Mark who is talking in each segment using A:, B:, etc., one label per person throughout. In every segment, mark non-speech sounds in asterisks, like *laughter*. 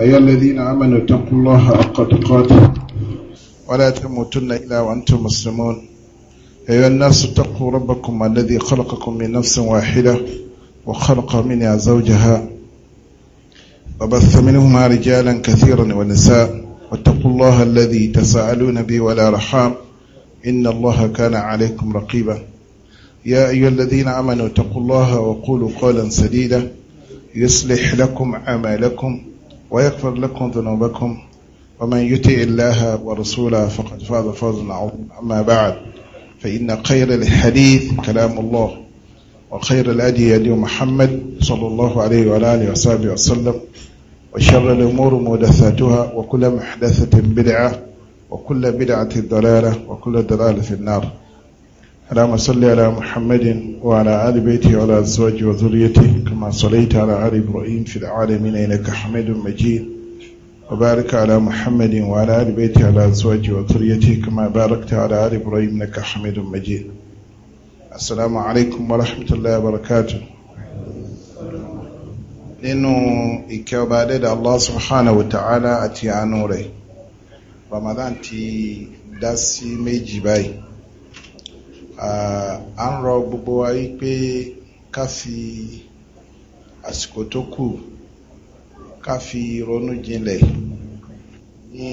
A: أيها الذين آمنوا اتقوا الله حق تقاته ولا تموتن إلا وأنتم مسلمون أيها الناس اتقوا ربكم الذي خلقكم من نفس واحدة وخلق منها زوجها وبث منهما رجالا كثيرا ونساء واتقوا الله الذي تساءلون به ولا رحام إن الله كان عليكم رقيبا يا أيها الذين آمنوا اتقوا الله وقولوا قولا سديدا يصلح لكم أعمالكم ويغفر لكم ذنوبكم ومن يطع الله ورسوله فقد فاز فوزا عظيما أما بعد فإن خير الحديث كلام الله وخير الهدي هدي محمد صلى الله عليه وعلى آله وصحبه وسلم وشر الأمور محدثاتها وكل محدثة بدعة وكل بدعة ضلالة وكل ضلالة في النار اللهم صل على محمد وعلى آل بيته وعلى أزواجه وذريته كما صليت على آل إبراهيم في العالمين إنك حميد مجيد وبارك على محمد وعلى آل بيته وعلى أزواجه وذريته كما باركت على آل إبراهيم إنك حميد مجيد السلام عليكم ورحمة الله وبركاته nínú ìkẹ́ ọba adẹ́dà Allah subhanahu wa ta'ala àti àánú rẹ̀ Ramadan ti dá sí méjì à ń rọ gbogbo wa yí pé ká fi àsìkò tó kù ká fi ronú jinlẹ̀ ní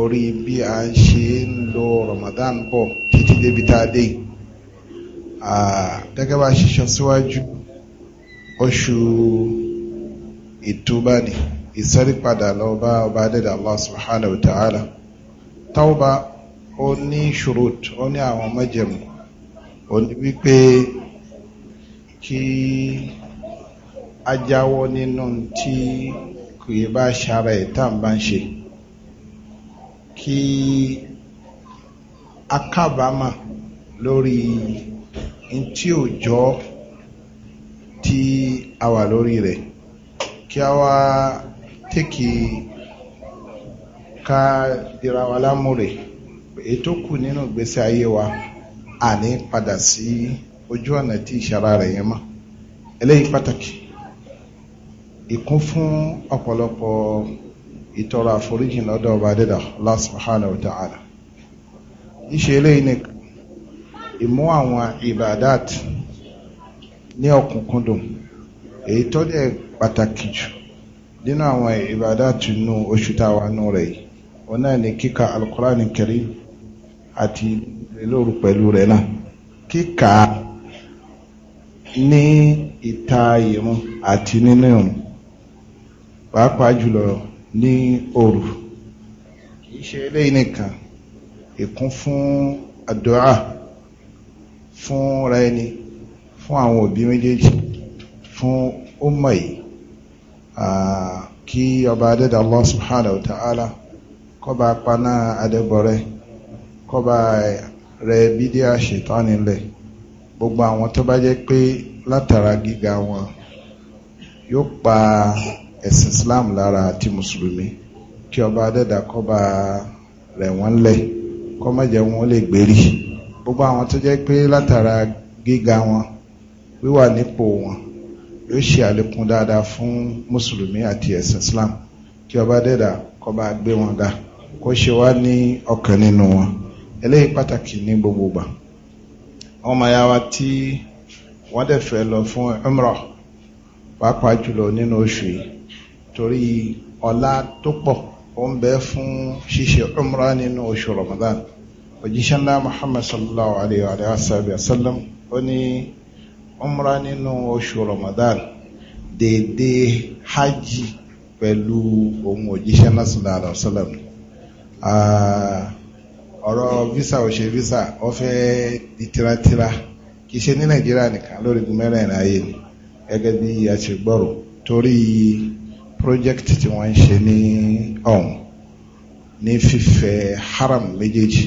A: orí bí a ń ṣe ń lo Ramadan bọ̀ títí débi tá a dé gẹ́gẹ́ bá a síwájú oṣù ìtúbà ni ìsárípadà lọ bá ọba adẹ́dà Allah subhanahu wa ta'ala tauba ó ní ṣurut ó ní àwọn májẹ̀mú ó ní wípé kí a jáwọ́ nínú tí kò yẹ bá ṣara ẹ̀ tá à ń bá ń ṣe kí a kábàámà lórí ntí ò jọ tí a wà lórí rẹ̀ kí a wá tèkì ká dira wa lámúre ètò kù nínú ìgbésí ayé wa àní padà sí ojú ọ̀nà tí ìṣara rẹ̀ yẹn mọ́ eléyìí pàtàkì ìkún fún ọ̀pọ̀lọpọ̀ ìtọrọ àforíjìn lọ́dọ̀ ọba dẹ́dà Allah subhanahu wa eléyìí ni ìmú àwọn ibadat ní ọ̀kúnkúndùn èyí tó dẹ̀ pàtàkì jù nínú àwọn ibadat inú oṣù táwa nú rẹ̀ yìí wọn ni kíka al-Qur'an al àti lóru pẹ̀lú rẹ̀ náà kíkà ní ìta ìrun àti nínú ìrun pàápàá jùlọ ní òru kìí ṣe eléyìí nìkan ìkún fún àdúrà fún ra ẹni fún àwọn òbí méjèèjì fún ọmọ yìí kí ọba adẹ́dà Allah subhanahu wa ta'ala kọba paná adẹ́bọrẹ kọba rẹ bídíà ṣètánì lẹ̀ gbogbo àwọn tó bá jẹ́ pé látara gíga wọn yóò pa ẹ̀sìn Islam lára àti mùsùlùmí kí ọba adẹ́dà kọba rẹ̀ wọ́n lẹ̀ kọ́ má jẹ́ wọn lè gbérí gbogbo àwọn tó jẹ́ pé látara gíga wọn wíwà nípò wọn yóò ṣe àlékún dáadáa fún mùsùlùmí àti ẹ̀sìn Islam kí ọba adẹ́dà kọba gbé wọn ga kó ṣe wá ní ọ̀kan nínú wọn eléyìí pàtàkì ní gbogbo ìgbà àwọn ọmọ ya wa tí wọ́n dẹ̀ fẹ́ lọ fún umrah pàápàá jùlọ nínú oṣù yìí torí ọlá tó pọ̀ ó ń bẹ fún ṣíṣe umrah nínú oṣù Ramadan òjíṣẹ́ ńlá Muhammad sallallahu alayhi wa sallam ó ní umrah nínú oṣù Ramadan dédé hajj pẹ̀lú ohun òjíṣẹ́ ńlá sallallahu alayhi wa sallam ọ̀rọ̀ visa ò visa ó fẹ́ di tiratira kì í ṣe ní nàìjíríà nìkan lórí mẹ́rẹ̀ẹ̀rin ayé ni gẹ́gẹ́ bí a ṣe gbọ́rọ̀ torí project tí wọ́n ń ṣe ní ọ̀hún ní fífẹ̀ haram méjèèjì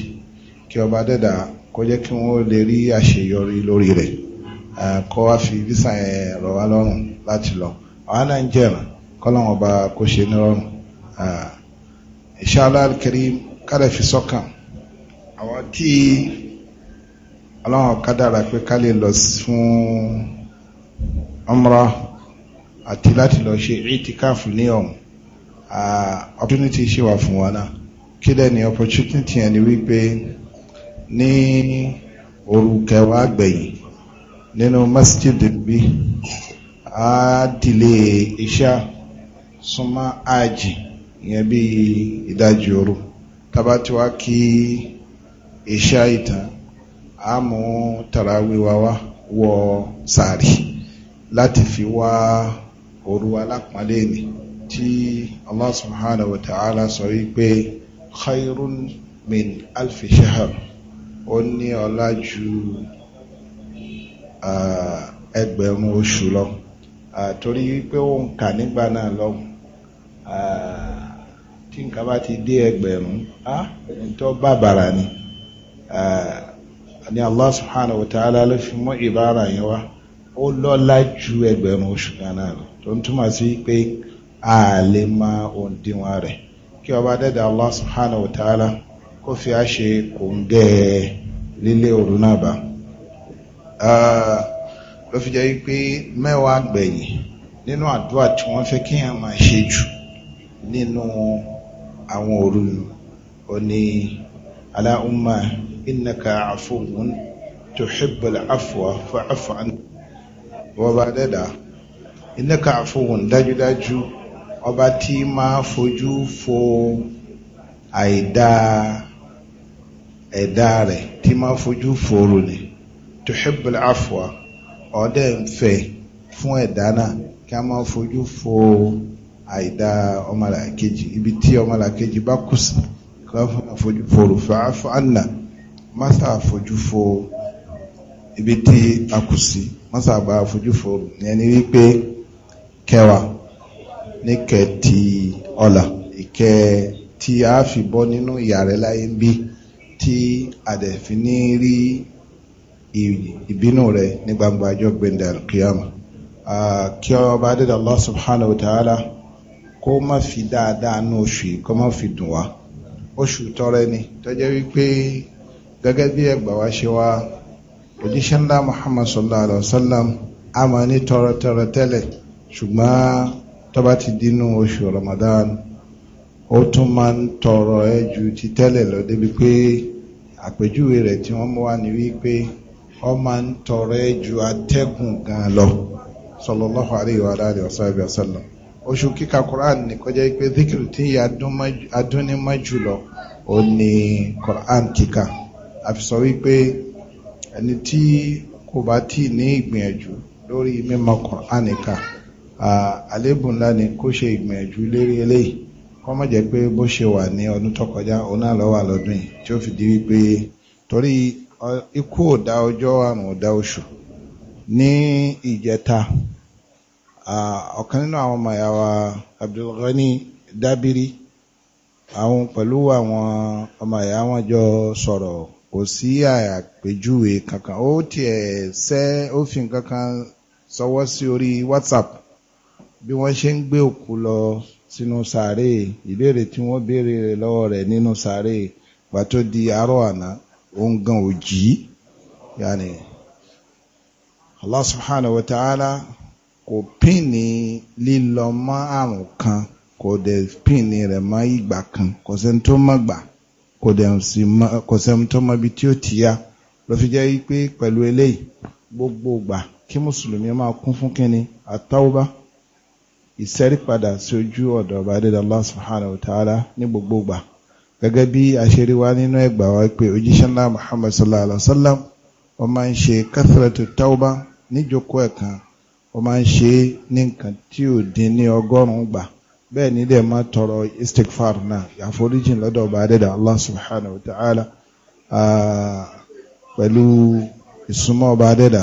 A: kí ọba dẹ́dà kó jẹ́ kí wọ́n lè rí àṣeyọrí lórí rẹ̀ kó wá fi visa yẹn rọ̀ wá lọ́rùn láti lọ àwọn náà ń jẹ̀ràn kọ́lọ́wọ́n ọba kó ṣe ní rọrùn inshallah al kálẹ̀ fi sọ́kàn àwọn kí aláwọ̀ kádàrà pé ká lè lọ fún umrah àti láti lọ ṣe itikaf ní ọ̀hún opportunity ṣe wà fún wa náà kí lẹ́ni opportunity yẹn ni wípé ní òru kẹwàá gbẹ̀yìn nínú masjid bí a dìlé iṣá súnmọ́ ààjì ìyẹn bí ìdajì òru tá bá ti ìṣá ìtàn a mú tàràwí wa wá wọ sàárì láti fi wá òru alápọ̀nlé ni tí Allah subhanahu wa ta'ala sọ wípé khairun min alfi shahr ó ní ọlá ju ẹgbẹ̀rún oṣù lọ torí wípé ó ń kà nígbà náà lọ tí nǹkan bá ti dé ẹgbẹ̀rún á ẹni tó bàbàrà ni. Eh, ní Allah subhanahu wa ta'ala ló fi mú ìbára yẹn wá ó lọ́lá ju ẹgbẹ̀rún oṣù kan náà lọ tó ń túmọ̀ sí pé a lè mọ òǹdíwọ̀n rẹ̀ kí ọba dẹ́dà Allah subhanahu wa ta'ala kó fi á ṣe kòǹgẹ́ lílé òru náà bá eh, ló fi jẹ́ pé mẹ́wàá gbẹ̀yìn nínú àdúrà tí wọ́n fẹ́ kí èèyàn máa ṣe jù nínú àwọn òru ò ní Allahumma innaka afuwun tuhibbul afwa fa'fu anni wọ́n bá dẹ́dà innaka afuwun dájúdájú ọba tí máa fojú fo àìdá ẹ̀dá rẹ̀ tí máa fojú fòrò ni tuhibbul afwa ọ̀dẹ́ ń fẹ́ fún ẹ̀dá náà kí a máa fojú fo àìdá ọmọlàkejì ibi tí ọmọlàkejì bá kù sí kí wọ́n fojú fòrò fàáfàá náà masa àfojúfo ibi tí a kù sí masa àgbà àfojúfo yẹn ni wípé kẹwàá níkẹ ti ọlà ìkẹ tí a fi bọ́ nínú ìyà rẹ̀ láyé ń bí tí a dẹ̀ fi ní rí ìbínú rẹ̀ ní gbangba ọjọ́ gbẹ̀ndẹ̀ alkiyama kí ọba adẹ́dà Allah subhanahu wa ta'ala kó má fi dáadáa ní oṣù kó má fi dùn wá oṣù tọrẹ ni tó jẹ́ wípé gẹ́gẹ́ bí ẹgbà wá ṣe wá òjíṣẹ́ ńlá Muhammad sallallahu alaihi wasallam a máa ní tọrọtọrọ tẹ́lẹ̀ ṣùgbọ́n tó bá ti dínú oṣù Ramadan ó tún máa ń tọrọ ẹ ju ti tẹ́lẹ̀ lọ débi pé àpèjúwe rẹ̀ tí wọ́n mú wá ní wípé ó máa ń tọrọ ẹ ju atẹ́gùn gan lọ sallallahu alaihi wa alihi wasallam oṣù kíka Quran ní kọjá pé zikiru tí adúnímọ̀ jùlọ ó ní Quran kíka àfi sọ wípé ẹni tí kò bá tí ní ìgbìyànjú lórí mímọ̀ kọ̀ánìkà àlébù ńlá ni kó ṣe ìgbìyànjú lérí eléyìí kó má jẹ́ pé bó ṣe wà ní ọdún tó kọjá òun náà lọ́dún tí ó fi di wípé torí ikú ò ọjọ́ àrùn ò oṣù ní ìjẹta ọ̀kan nínú àwọn ọmọ wa Abdulghani Dábírí àwọn pẹ̀lú àwọn ọmọ ìyá wọn jọ sọ̀rọ̀ kò sí àpèjúwe kankan ó tiẹ̀ sẹ́ ó fi kankan sọwọ́ sí orí whatsapp bí wọ́n ṣe ń gbé òkú lọ sínú sàárè ìbéèrè tí wọ́n béèrè lọ́wọ́ rẹ̀ nínú sàárè gbà tó di àárọ̀ àná òun gan ò yàní Allah subhanahu wa ta'ala kò pínni lílọ mọ́ àrùn kan kò dẹ̀ pínni rẹ̀ mọ́ ìgbà kan kò sẹ́ni tó mọ̀ gbà kò sẹ́ni tó mọbi tí ó ti ya lọ fi jẹ́ pé pẹ̀lú eléyìí gbogbo ìgbà kí mùsùlùmí máa kún fún kíni àtàwọ́bá ìsẹ́rípadà sí ojú ọ̀dọ̀ ọba adéda Allah subhanahu wa ta'ala ní gbogbo ìgbà gẹ́gẹ́ bí àṣírí wá nínú ẹgbà wá pé òjíṣẹ́ ńlá Muhammad sallallahu sallam wọ́n máa ń ṣe kathratu tawba níjókòó ẹ̀kan wọ́n máa ń bẹ́ẹ̀ ni dẹ̀ máa tọrọ istikfar náà àforíjìn lọ́dọ̀ ọba adẹ́dà Allah subhanahu wa ta'ala pẹ̀lú ìsúnmọ́ ọba adẹ́dà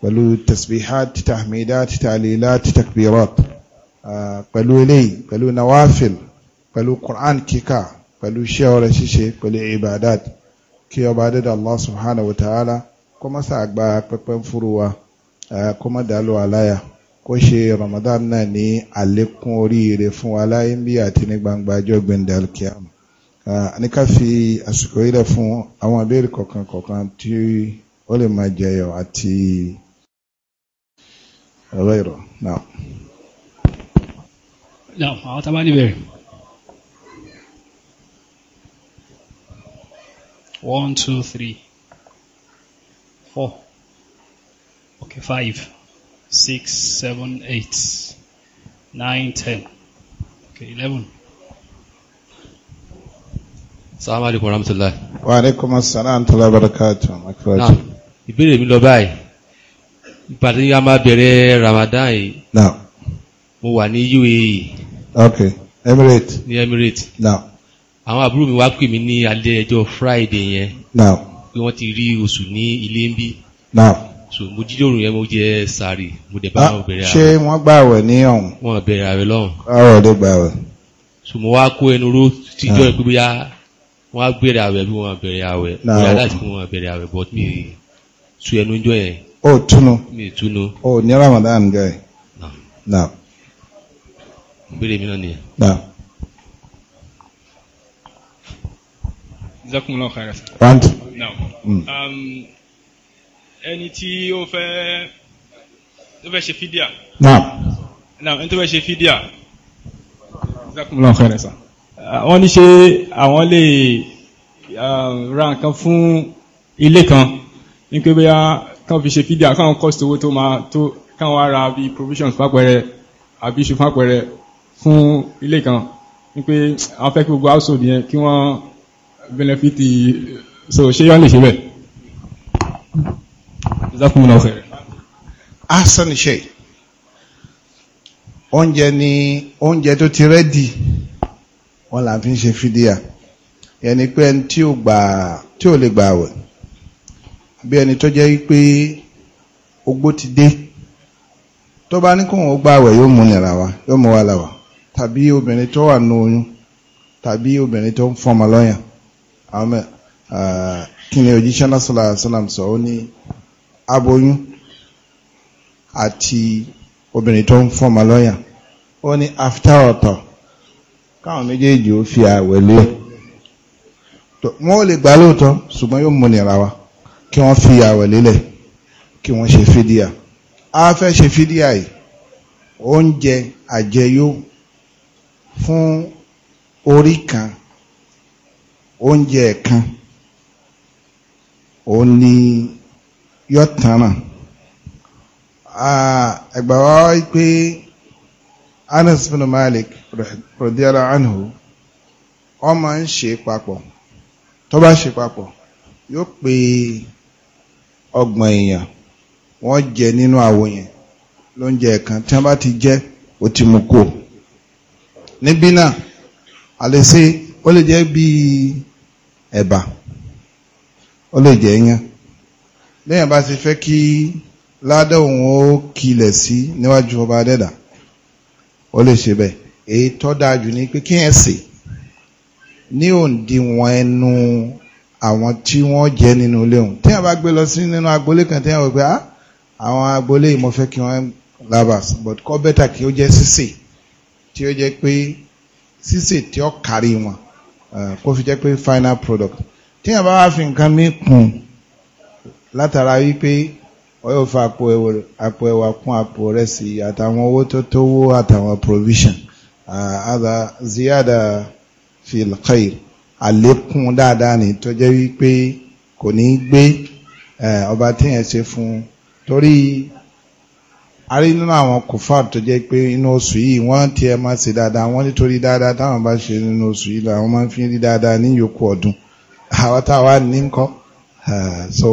A: pẹ̀lú tasbihat tahmidat talilat takbirat pẹ̀lú eléyìí pẹ̀lú nawafil pẹ̀lú Qur'an kíkà pẹ̀lú iṣẹ́ ọrẹ ṣíṣe pẹ̀lú ibadat kí ọba adẹ́dà Allah subhanahu wa ta'ala kó má sàgbà pẹpẹ fúru wa kó dàlú àláyà kó ṣe Ramadan náà ní àlékún oríire fún wa láyé bí àti ní gbangba ọjọ́ gbẹ̀ndẹ̀ alkiyama ní ká fi àsìkò ilẹ̀ fún àwọn abéèrè kọ̀ọ̀kan kọ̀ọ̀kan tí ó lè máa jẹyọ àti ọ̀rọ̀ ìrọ̀ náà.
B: àwọn tábà ní One, two, three, four, okay, five six, seven, eight, nine, ten,
C: okay, eleven. Assalamu alaikum warahmatullahi.
A: Wa alaikum assalam wa barakatuh. Naam.
C: Ìbéèrè mi lọ báyìí. Ìpàdé a máa bẹ̀rẹ̀ Ramadan yìí. Naam. Mo wà ní UAE. Okay. Emirates. Ní Emirates. Naam. Àwọn àbúrò mi wá pè mí ní alẹ́ ẹjọ́ Friday yẹn. Naam. Pé wọ́n ti rí oṣù ní ilé ń bí. Naam so mo jí lóru yẹn mo jẹ sàárì mo dẹ̀ bá ah, wọn bẹ̀rẹ̀ àwẹ̀. ṣé
A: wọ́n gbà wẹ̀ ní ọ̀hún.
C: wọ́n bẹ̀rẹ̀ àwẹ̀ lọ́hùn.
A: káwọ̀ dé gbà wẹ̀. so mo wá kó
C: ẹnu ró tíjọ́ ah. ẹ pé wọ́n bẹ̀rẹ̀ àwẹ̀ bí wọ́n bẹ̀rẹ̀ àwẹ̀ bóyá láti fún wọn bẹ̀rẹ̀ àwẹ̀ but mi tu ẹnu jọ yẹn. o tunu. mi tunu.
A: o ní Ramadan jọ yẹn. na.
C: ìbéèrè mi náà nìyẹn.
D: na.
E: jazakumullahu khairan. round. now. Mm. Um, ẹni tí ó fẹ́ tó fẹ́ ṣe fídíà. náà ẹni tó fẹ́ ṣe fídíà. Ah, wọ́n ní ṣe àwọn lè um, ra nǹkan fún ilé kan ní pé bí a kàn fi ṣe fídíà káwọn cost owó tó máa tó káwọn ara bí provisions fápẹrẹ àbí iṣu fápẹrẹ fún ilé kan ní pé a fẹ́ kí gbogbo household yẹn kí wọ́n benefit so ṣé yọ́n lè ṣe bẹ́ẹ̀. jazakum allah khair.
A: ahsan ṣe oúnjẹ ni oúnjẹ tó ti rẹ́dì wọ́n là fi ń ṣe eni pe pé ti o ò gbà tí ò lè gbà wẹ̀ bí ẹni tó jẹ́ pé ti de to ba ní kóhùn ó gbà wẹ̀ yóò mú nira wa yóò wa là wà tàbí obìnrin tó wà nù oyún tàbí obìnrin tó ń fọmọ lọ́yàn àwọn ah, kí ni òjíṣẹ́ náà sallallahu alaihi ó ní aboyún àti obìnrin tó ń fọ́mọ lọ́yàn ó ní after ọ̀tọ̀ káwọn méjèèjì ó fi àwẹ̀ lé wọ́n lè gbà lóòótọ́ ṣùgbọ́n yóò mú nira wa kí wọ́n fi àwẹ̀ lélẹ̀ kí wọ́n ṣe fídíà a fẹ́ ṣe fídíà yìí oúnjẹ àjẹyó fún orí kan oúnjẹ kan òun ni yọ tànà ẹgbà wá pé Anas bin Malik radiyallahu anhu wọ́n máa ń ṣe papọ̀ tó bá ṣe papọ̀ yóò pé ọgbọ̀n èèyàn wọ́n jẹ nínú àwo yẹn lóúnjẹ kan tí wọ́n bá ti jẹ ó ti mú kó níbí náà àlèsè ó lè jẹ́ bíi ẹ̀bà ó lè jẹ́ yán lẹ́yìn bá ṣe fẹ́ kí ládẹ́ òun ó kilẹ̀ sí níwájú ọba adẹ́dà ó lè ṣe bẹ́ẹ̀ èyí tó dáa jù ní pé kí ẹ sè ní òǹdíwọ̀n ẹnu àwọn tí wọ́n jẹ́ nínú ilé tí wọ́n bá gbé lọ sí nínú agboolé kan tí wọ́n wọ́n ah àwọn agboolé mo fẹ́ kí wọ́n labas but kọ́ bẹ́tà kí ó jẹ́ sísè tí ó jẹ́ pé sísè tí ó kárí wọn eh, kó fi jẹ́ pé final product tí wọ́n bá wá fi nǹkan mí kùn látara wípé ọyọ́ fa àpò ẹwà kún àpò rẹ̀ sí àtàwọn owó tó tówó àtàwọn provision àdá ziyada fil khair àlékún dáadáa ni tó jẹ́ wípé kò ní gbé ọba téèyàn ṣe fún un torí a rí nínú àwọn kòfàr tó jẹ́ pé inú oṣù yìí wọ́n ti ẹ máa ṣe dáadáa wọ́n nítorí dáadáa táwọn bá ṣe nínú oṣù yìí làwọn máa ń fi rí dáadáa ní yòókù ọdún àwọn táwa ní ń so.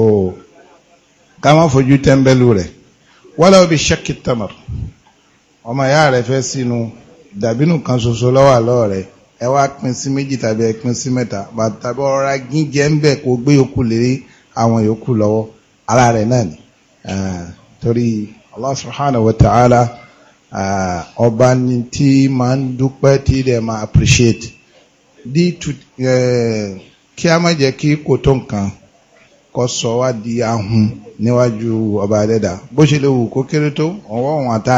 A: Kama má fojú tẹ́ńbẹ́lú rẹ̀ wọ́lá òbí ṣẹ́kì tamar ọmọ ìyá rẹ̀ fẹ́ sínú dàbínú kan ṣoṣo lọ́wọ́ àlọ́ rẹ̀ ẹ wá pín sí méjì tàbí ẹ pín sí mẹ́ta tàbí ọ̀rá gíjẹ ń bẹ̀ kó gbé yòókù lé àwọn yòókù lọ́wọ́ ara rẹ̀ náà ni torí Allah subhanahu wa ta'ala ọba ni tí máa ń dúpẹ́ tí dẹ̀ máa appreciate kí a má jẹ́ kí kò tó nǹkan kó sọ wá di ahun níwájú ọba adẹ́dà bó ṣe lè wù kó kéré tó ọwọ́ òun àta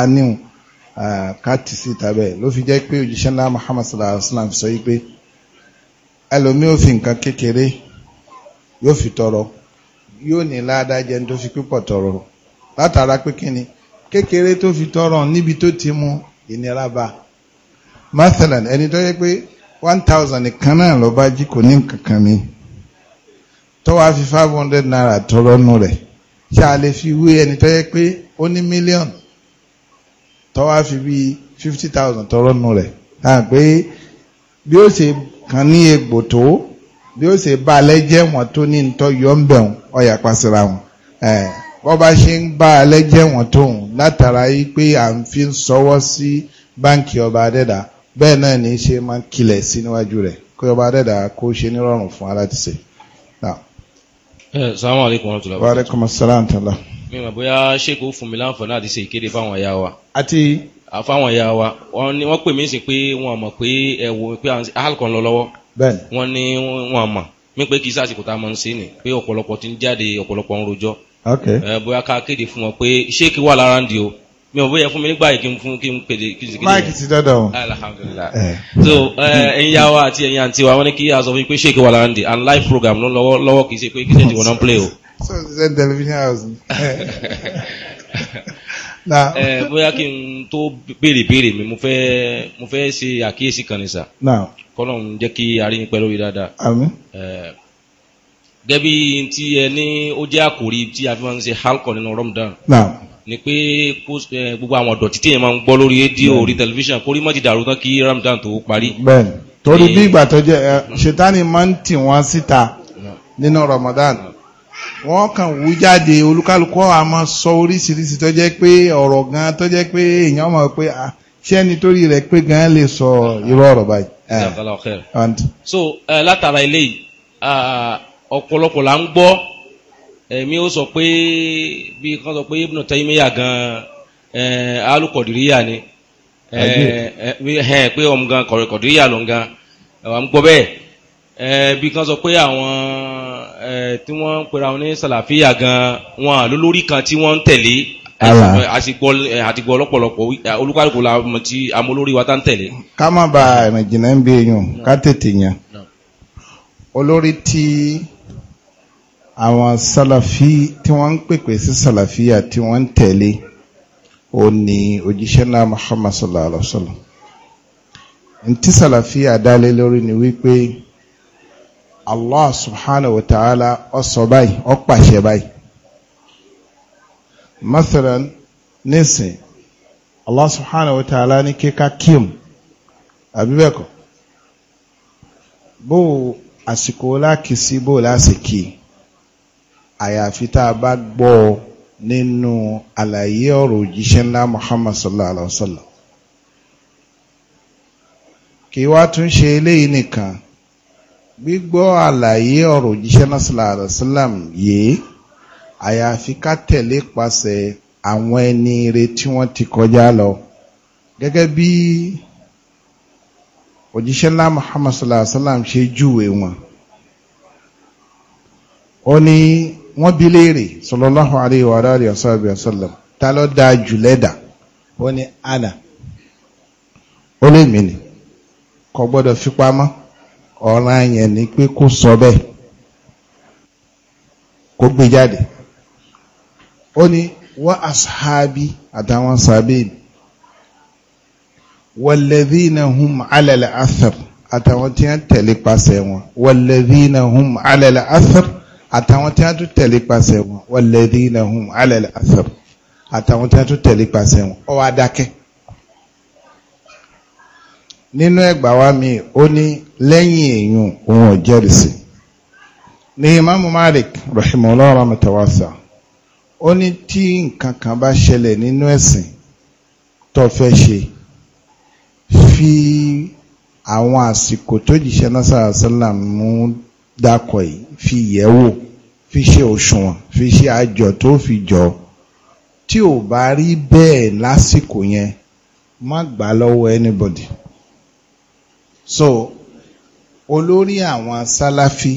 A: káàtì sí tàbẹ̀ ló fi jẹ́ pé òjíṣẹ́ ńlá Muhammad sallallahu alaihi wasallam sọ wípé ẹlòmí ò fi nǹkan kékeré yóò fi tọrọ yóò ní ládájẹ tó fi pípọ̀ tọrọ látara pé kíni kékeré tó fi tọrọ níbi tó ti mú ìnira bá mathalan ẹni tó yẹ pé one thousand kan náà ló jí kò ní nǹkan kan mi tó wá fi five hundred naira tọrọ nù rẹ̀ ṣé a lè fi wé ẹni tó yẹ pé ó ní million tó wá fi bí fifty thousand tọrọ nù rẹ̀ hàn pé bí ó ṣe kàn ní egbò tó bí ó ṣe bá lẹ́jẹ̀ wọn tó ní ntọ́ yọ̀ ń bẹ̀rùn ọ̀yà pàṣẹra wọn bọ́ bá ṣe ń bá lẹ́jẹ̀ wọn tóun látara yìí pé à ń fi sọwọ́ sí báǹkì ọba adẹ́dà bẹ́ẹ̀ náà ní í ṣe máa ń kilẹ̀ sí níwájú rẹ̀ kí ọba adẹ́dà kó ṣe nírọ̀rùn fún aláti ṣe. Eh, assalamu alaikum warahmatullahi. Wa alaikum assalam tala.
C: Mi ma bóyá ṣéko fún mi láǹfààní àti ṣe ìkéde fáwọn ẹ̀yà wa. Àti. Fáwọn ẹ̀yà wa, wọ́n ní wọ́n pè mí sí pé wọ́n mọ̀ pé ẹ̀wò pé àhàlùkọ́ ń lọ lọ́wọ́. Bẹ́ẹ̀ni. Wọ́n ní wọ́n mọ̀ mí pé kì í sásìkò tá a máa ń ṣe ni pé ọ̀pọ̀lọpọ̀ ti ń jáde ọ̀pọ̀lọpọ̀ ń rojọ́. Ok. Eh, bóyá ká kéde fún wọn pé ṣéèkì wà lára ń di o mi ò bóyá fún mi nígbà yìí kí n fún kí n pèdè kí n sì kéde. máìkì ti dọ́dọ̀ o. Eh. so eh, ẹ̀yin yá wa àti ẹ̀yin àǹtí wa wọ́n ní kí a sọ fún yín pé ṣéèkì wà láǹdì and live program ló lọ́wọ́ lọ́wọ́ kì í ṣe pé kí ṣèjì wọn náà play o.
A: so ṣe ń television house. *laughs*
C: Eh, bóyá kí n tó béèrè béèrè mi mo fẹ́ mo fẹ́ ṣe àkíyèsí kan ní sà. kọ́nà ń jẹ́ kí aríyìn pẹ́ lórí dáadáa. àmín. gẹ́bí tí ẹ ní ó jẹ́ àkòrí tí a fi máa ń ṣe halkọ nínú Ramadan ni pé eh, gbogbo àwọn ọ̀dọ̀ títí yẹn máa ń gbọ́ lórí rédíò orí tẹlifíṣàn kó rí mọ́jì dàrú tán kí Ramadan tó parí.
A: bẹ́ẹ̀ni torí eh, bí ìgbà tó jẹ eh, ṣètánì máa ń tì wọ́n síta nínú Ramadan wọ́n kàn wú jáde olúkálukú a máa sọ oríṣiríṣi tó jẹ́ pé ọ̀rọ̀ gan tó jẹ́ pé èèyàn mọ̀ pé ṣé ẹni torí rẹ̀ pé gan lè sọ irú ọ̀rọ̀ báyìí.
C: so látara eléyìí ah, ọ̀pọ̀lọpọ̀ là ń gbọ́ ẹ̀mí ó sọ pé bí kan sọ pé Ibn Taymiyyah gan alukọ̀dìríyà ni pé ọmọ gan kọ̀dìríyà ló ń gan àwọn ń gbọ́ bẹ́ẹ̀ bí kan sọ pé àwọn tí wọ́n ń pera wọn ní sàlàfíà gan wọn lólórí kan tí wọ́n ń tẹ̀lé àtìgbọ́ lọ́pọ̀lọpọ̀ olúkálùkù la mọ̀ tí amolórí wa tá ń tẹ̀lé.
A: ká má ba ìrìnjìnà ń bí eyín ká tètè yàn olórí tí àwọn sálàfí tí wọ́n ń pèpè sí sálàfíyà tí wọ́n ń tẹ̀lé ó ní òjíṣẹ́ náà Muhammad sallallahu alaihi wasallam ntí sálàfíyà dálé lórí ni wípé Allah subhanahu wa ta'ala ó sọ báyìí ó pàṣẹ báyìí mathalan nísìn Allah subhanahu wa ta'ala ní kíká kíum àbíbẹ̀kọ̀ bó àsìkò lákìsí bó lásìkìí àyàfi tá a bá gbọ́ ọ nínú àlàyé ọ̀rọ̀ òjíṣẹ́ ńlá Muhammad sallallahu alaihi wa sallam kì í wá tún ṣe eléyìí nìkan gbígbọ́ àlàyé ọ̀rọ̀ òjíṣẹ́ ńlá sallallahu alaihi wa sallam yìí àyàfi ká tẹ̀lé pasẹ̀ àwọn ẹni ire tí wọ́n ti kọjá lọ gẹ́gẹ́ bí òjíṣẹ́ ńlá Muhammad sallallahu alaihi wa sallam ṣe júwe wọn ó ní wọ́n bi léèrè sallallahu alayhi wa alihi wa sahbihi wa sallam ta ló dáa jù lẹ́dà ó ní ana ó lè mí ni kò gbọ́dọ̀ fi pamọ́ ọ̀ràn yẹn ni pé kó sọ bẹ́ẹ̀ kó gbé jáde ó ní wọ́n ashabi àtàwọn sàbẹ̀ wọ́n tẹ̀lé pàṣẹ wọn walladhina hum àtàwọn tí wọ́n tún tẹ̀lé pasẹ̀ wọn walladhina hum ala al-athar àtàwọn tí wọ́n tún tẹ̀lé pasẹ̀ wọn ó wá dákẹ́ nínú ẹgbàá wa mi ó ní lẹ́yìn èèyàn òun ò jẹ́rìsì ní imaamu Malik rahimahullah rahmatawasa ó ní tí nǹkan kan bá ṣẹlẹ̀ nínú ẹ̀sìn tó fẹ́ ṣe fi àwọn àsìkò tó jìṣẹ́ náà sàrà mú dákọ̀ yìí fi yẹ̀wò fi ṣe òṣùwọ̀n fi ṣe àjọ tó fi jọ tí ò bá rí bẹ́ẹ̀ lásìkò yẹn má gbà lọ́wọ́ anybody so olórí àwọn sálàfí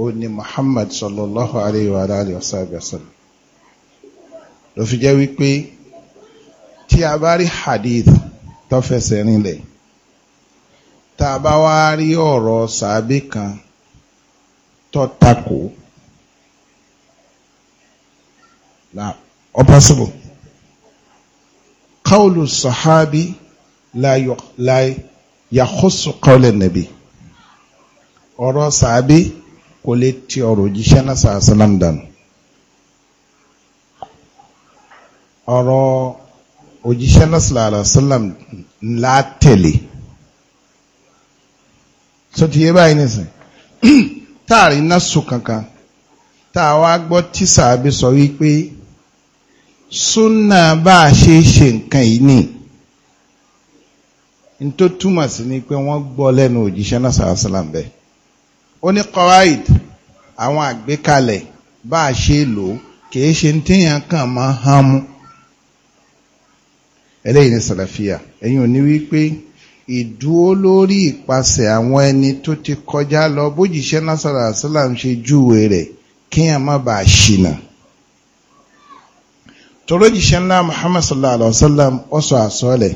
A: ó ní Muhammad sallallahu alayhi wa alayhi wa sallam ló fi jẹ́ wípé tí a bá rí hadith tó fẹsẹ̀ rinlẹ̀ tá a bá wá rí ọ̀rọ̀ sàábì kan tọ́takò la ọpọsibò kawulu sahabi la yakoso kawulẹ nabi ọ̀rọ̀ sahabi kò lè ti ọ̀rọ̀ òjíṣẹ́ náà sàásàlám dànù ọ̀rọ̀ òjíṣẹ́ náà sàásàlám ńlá tẹ̀lé sọ ti yé báyìí nìsín. *clears throat* táàrí násù kankan taa wá gbọ́ tisa sàábí sọ wípé súnà bá a ṣe ṣe nǹkan yìí ni n tó túmọ̀ sí ni pé wọ́n gbọ́ lẹ́nu òjíṣẹ́ náà sàásàlám bẹ́ẹ̀ ó ní àwọn àgbékalẹ̀ bá a ṣe lò kìí ṣe téèyàn kàn máa hán mú eléyìí ní sàlàfíà ò ìdúó lórí ìpasẹ̀ àwọn ẹni tó ti kọjá lọ bójìṣẹ́ lásàrà àsálàm ṣe júwe rẹ̀ kí a má bàa ṣìnà tọ́lọ́jìṣẹ́ ńlá muhammad sallallahu alaihi wasallam ọ̀sọ̀ àsọ́lẹ̀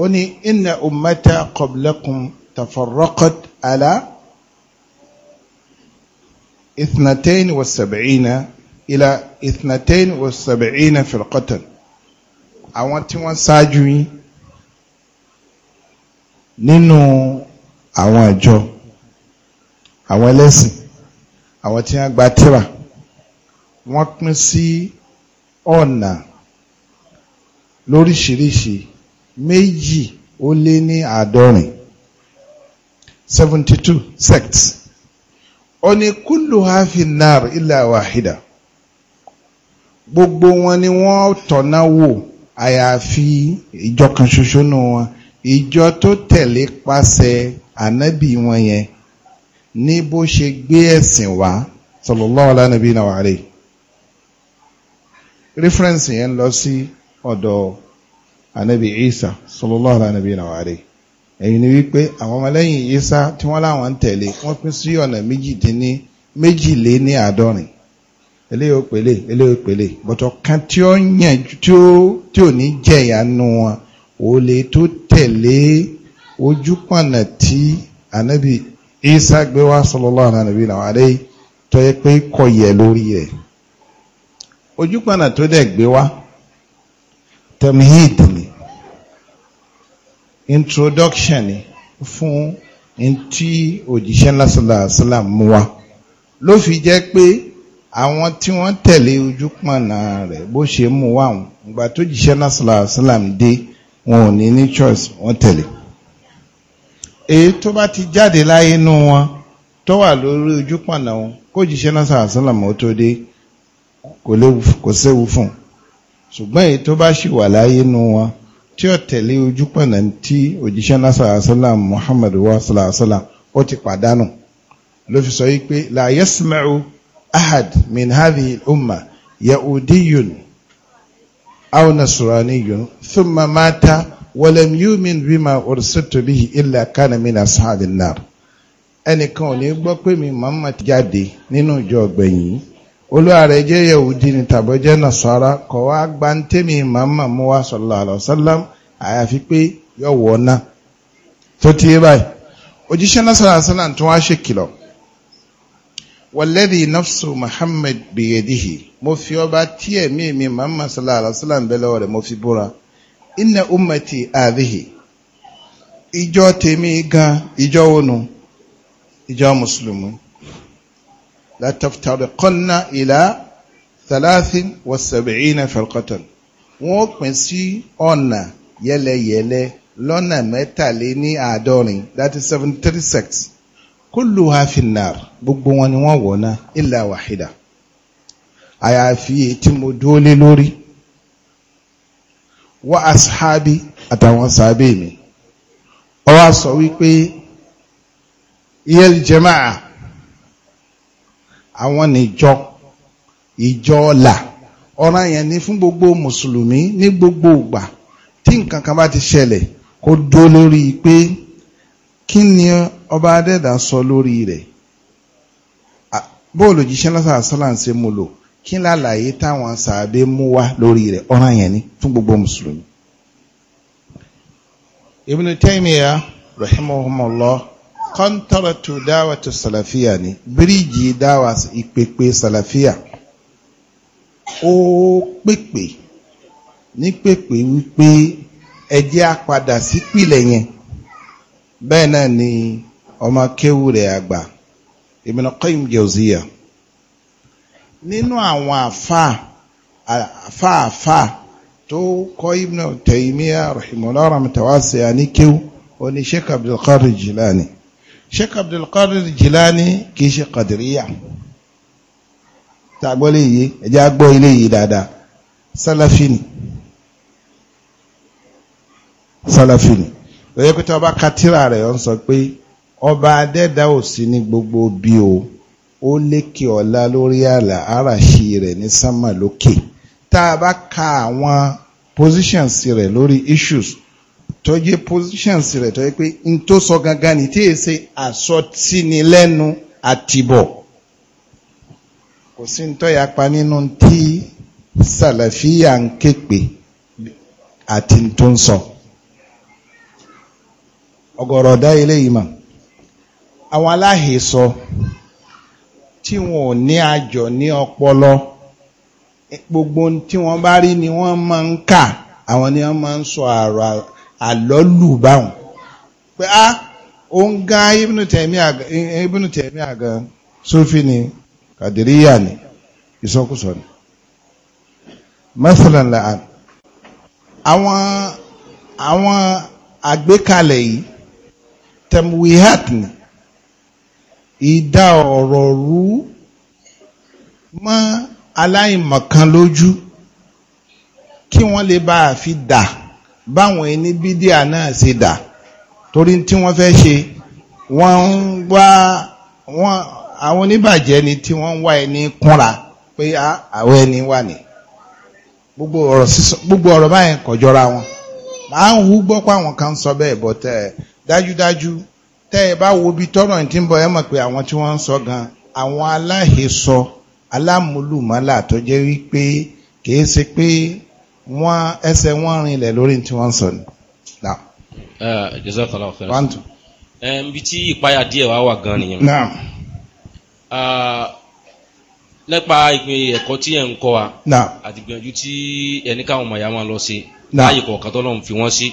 A: ó ní inna ummata qablakum tafarraqat ala اثنتين والسبعين إلى اثنتين والسبعين فرقة àwọn tí wọ́n ṣáájú yín nínú àwọn àjọ àwọn ẹlẹ́sìn àwọn tí wọ́n gba tírà wọ́n pín sí ọ̀nà lóríṣiríṣi méjì ó lé ní àádọ́rin seventy two sects ó kúlù hafi nar ilà wàhídà gbogbo wọn ni wọ́n tọ̀nà wò àyàfi ìjọ ṣoṣo nù wọn ìjọ tó tẹ̀lé pàṣẹ ànábì wọn yẹn ní bó ṣe gbé ẹ̀sìn wá sallallahu ala nabina wa alayhi reference yẹn lọ sí ọ̀dọ̀ ànábì Isa sallallahu ala nabina wa alayhi èyí ni wípé àwọn ọmọlẹ́yìn Isa tí wọ́n láwọn ń tẹ̀lé wọ́n pín sí ọ̀nà méjìdínní méjìlé ní àádọ́rin eléyìí ó pèlè tẹ̀lé ojúpọ̀nà tí ànábì Isa gbé wá sallallahu alaihi wa sallam tó yẹ pé kọ̀yẹ̀ lórí rẹ̀ ojúpọ̀nà tó dẹ̀ gbé wá tamhid ni introduction ni fún ntí òjíṣẹ́ ńlá sallallahu alaihi wa ló fi jẹ́ pé àwọn tí wọ́n tẹ̀lé ojúpọ̀nà rẹ̀ bó ṣe mú wá wọn ìgbà tó jíṣẹ́ náà dé wọn ò ní ní choice wọ́n tẹ̀lé èyí tó bá ti jáde láyé inú wọn tó wà lórí ojú pọ̀nà wọn kó jíṣẹ́ náà sàásánlámù ó tó dé kò séwu fún un ṣùgbọ́n èyí tó bá ṣì wà láyé inú wọn tí ó tẹ̀lé ojú pọ̀nà tí òjíṣẹ́ náà sàásánlámù Muhammadu wa sàásánlá ó ti pàdánù ló fi sọ yí pé la yasma'u ahad min hadhihi yahudiyun aw nasraniyun thumma mata walam yu'min bima ursiltu إلا كان من أصحاب النار. nar ẹnìkan ò ní gbọ́ pé mi Muhammad jáde nínú ìjọ ọ̀gbẹ̀yìn olúwarẹ̀ jẹ́ yahudi ní tàbọ̀jẹ́ nasara kọ̀ wá gba ń tẹ́mi Muhammad mú wa sallallahu alaihi wasallam àyàfi pé yọ̀wọ̀ náà tó ti yé báyìí òjíṣẹ́ nasara sallam tó wá ṣèkìlọ̀ walladhi nafsu Muhammad biyadihi mo fi ọba tí ẹ̀mí mi Muhammad sallallahu alaihi wasallam ń bẹ lọ́wọ́ rẹ̀ mo fi búra inna ummati àdìhì ìjọ tèmi gan ìjọ wọnú ìjọ mùsùlùmí la taftariqanna ila thalathin wa sab'ina farqatan wọ́n pín sí ọ̀nà yẹlẹyẹlẹ lọ́nà mẹ́tàléní àádọ́rin that is seventy three sects kulluha finnar gbogbo wọn ni wọ́n wọ̀ náà illa wahida àyàfi tí mo dúró lé lórí wá asáábí àtàwọn sàábé mi ó wá sọ wípé iyẹ́lì jẹ́máà àwọn níjọ ìjọ ọ̀la ọ̀ràn yẹn ni fún gbogbo mùsùlùmí ní gbogbo ìgbà tí nǹkan kan bá ti ṣẹlẹ̀ kó dúró lórí pé kí ni ọba adẹ́dà sọ lórí rẹ̀ bóòlù jíṣẹ́ lọ́sàásọ́là ń ṣe mú lò kí lálàyé táwọn sàábé mú wá lórí rẹ̀ ọ̀ràn yẹn ni fún gbogbo mùsùlùmí. Ibn Taymiyyah rahimahumullah kọ́ńtọ́rọ̀tù dáwà sàlàfíà ni bíríìjì dáwà ìpèpè sàlàfíà ó pèpè ní pèpè wípé ẹjẹ́ á padà sípìlẹ̀ yẹn bẹ́ẹ̀ náà ni ọmọ kéwù rẹ̀ àgbà nínú àwọn àfáà àfáàfáà tó kọ́ Ibn Taymiyyah rahimahullah mẹ́tàwáṣe àníkéw oní Sheikh Abdul Qadir Jilani Sheikh Abdul Qadir Jilani kì í ṣe Qadiriyya tàgbọ́ lè yé ẹjẹ́ agbọ́ ilé yìí dáadáa sálàfínì sálàfínì lọ́yẹ́kútà ọba katira rẹ̀ ń sọ pé ọba adẹ́dá sí ní gbogbo bí o ó lékè ọlá lórí àlà àràṣì rẹ̀ ní sánmà lókè tá a bá ka àwọn positions rẹ̀ lórí issues tó jẹ́ positions rẹ̀ tó jẹ́ pé n tó sọ gangan ní tí èyí ṣe àsọtínilẹ́nu àtibọ̀ kò sí ń tọ́ yapa nínú tí sàlàfíà ń ké pè àti tó ń sọ ọ̀gọ̀rọ̀ ọ̀dá eléyìí mà àwọn aláhìí sọ. So tí wọn ò ní àjọ ní ọpọlọ gbogbo tí wọ́n bá rí ni wọ́n máa ń kà àwọn ni wọ́n máa ń sọ àrò àlọ́lù báwọn pé á ah, ó ń gá Ibn Taymiyyah àgàn Sufi ni Kàdìríyà ni ìsọkúsọ ni mathalan la'an àwọn àwọn àgbékalẹ̀ yìí tamwihat ni ìdá ọ̀rọ̀ rú mọ́ aláìmọ̀kan lójú kí wọ́n lè bá a fi dà báwọn ẹni bídíà náà ṣe dà torí tí wọ́n fẹ́ ṣe wọ́n ń wá wọ́n àwọn oníbàjẹ́ ni tí wọ́n ń wá ẹni kúnra pé àwọn ẹni wà ní gbogbo ọ̀rọ̀ báyẹn kọjọra wọn máa ń hú gbọ́ pé àwọn kan sọ bẹ́ẹ̀ bọ́tẹ́ eh, dájúdájú tẹ́ ẹ bá wo bí tọ́rọ̀ ní ti ń bọ̀ ẹ mọ̀ pé àwọn tí wọ́n ń sọ gan àwọn aláhesọ alámúlùmọ́là tó jẹ́ wípé kìí ṣe pé wọ́n ẹsẹ̀ wọ́n rinlẹ̀ lórí tí wọ́n ń sọ ni.
C: jazakallah khairan. ibi tí ìpayà díẹ̀ wá wà gan nìyẹn. nípa ìpín ẹ̀kọ́ tí ẹ̀ ń kọ́ wa àti gbìyànjú tí ẹni káwọn lọ sí láàyè kọ̀ọ̀kan tó lọ́n fi wọ́n sí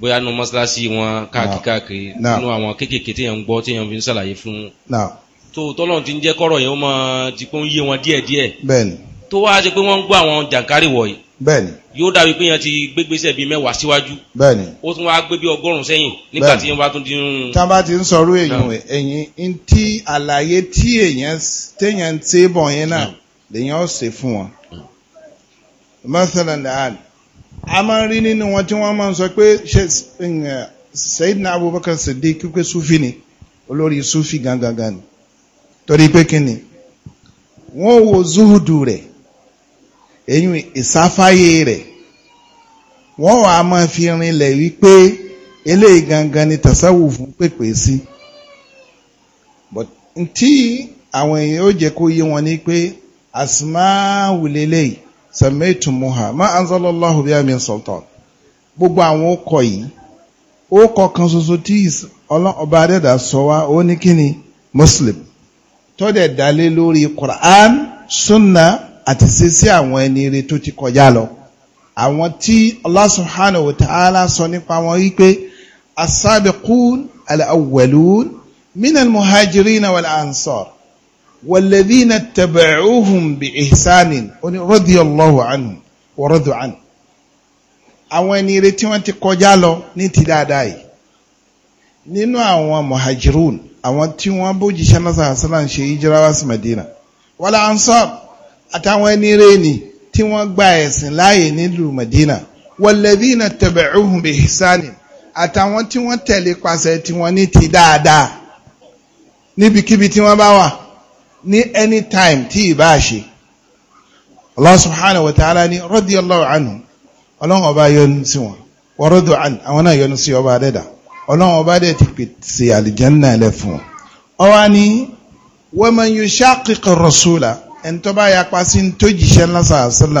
C: bóyá nu mọ́sálásí wọn káàkiri káàkiri nínú àwọn kéékèèké téèyàn ń gbọ́ téèyàn fi ń ṣàlàyé fún un. tó tọ́lọ́run ti ń jẹ́ kọ́rọ̀ yẹn ó máa ti kó ń yé wọn díẹ̀díẹ̀. bẹ́ẹ̀ni. tó wáá ṣe pé wọ́n ń gbọ́ àwọn jàǹkárì wọ̀nyí. bẹ́ẹ̀ni. yóò dàbí pé yẹn ti gbégbésẹ̀ bíi mẹ́wàá síwájú. bẹ́ẹ̀ni. ó tún wáá gbé bí ọgọ́rùn sẹ́yìn nígbà tí wọ́n bá tún dín.
A: a máa rí nínú wọn tí wọ́n máa sọ pé eh, Sayyidina Abubakar Siddiq pípé Súfì ni olórí Súfì gangan ni torí pé kí ni wọ́n wo zuhudu rẹ̀ eyín ìsáfáyé rẹ̀ wọ́n wà á máa fi rinlẹ̀ wípé gangan ni tàṣáwù fún pèpè sí tí àwọn èèyàn ó jẹ́ kó yé wọn ni pé àsìmáwùlélẹ́yìí sẹ̀mẹ́tùmùhà má anzalallahu biha min sultan gbogbo àwọn okọ̀ yìí okọ̀ kan ṣoṣo tí ọba adẹ́dà sọ wá ó ní kíni muslim tọ́dẹ̀ dálé lórí quran sunna àti sísí àwọn ẹni rere tó ti kọjá lọ àwọn tí Allah subhanahu wa ta'ala sọ nípa wọn wípé as-sabiqun al-awwalun min al-muhajirin wal والذين tẹ̀bẹ̀ẹ́hùn بإحسان ìsánìn oní radiyallahu anhu wa radu anhu àwọn ẹni ire tí wọ́n ti kọjá lọ ní ti dáadáa yìí nínú àwọn muhajirun àwọn tí wọ́n bójì sanasa hasanan ṣe hijira wá sí Madina wala ansar àtàwọn ẹni ire ni tí wọ́n gba ẹ̀sìn láàyè nílùú Madina wàlẹ́dínà tẹ̀bẹ̀ẹ́hùn bí ìsánìn àtàwọn tí wọ́n tẹ̀lé pàṣẹ tí wọ́n ní ti dáadáa níbikíbi tí wọ́n bá wà ní anytime tí ìbá ṣe Allah subhanahu wa ta'ala ni radiyallahu anhu ọlọ́run ọba yọ́nú sí wọn wọ́rọ́dọ̀ àwọn náà yọ́nú sí ọba adẹ́dà ọlọ́run ọba dẹ̀ ti pèsè àlìjẹ́nà ẹlẹ́ fún wọn. ọwá ni wa man yushaqiqi rasula ẹni tó bá yapa sí ní tó jíṣẹ́ lásán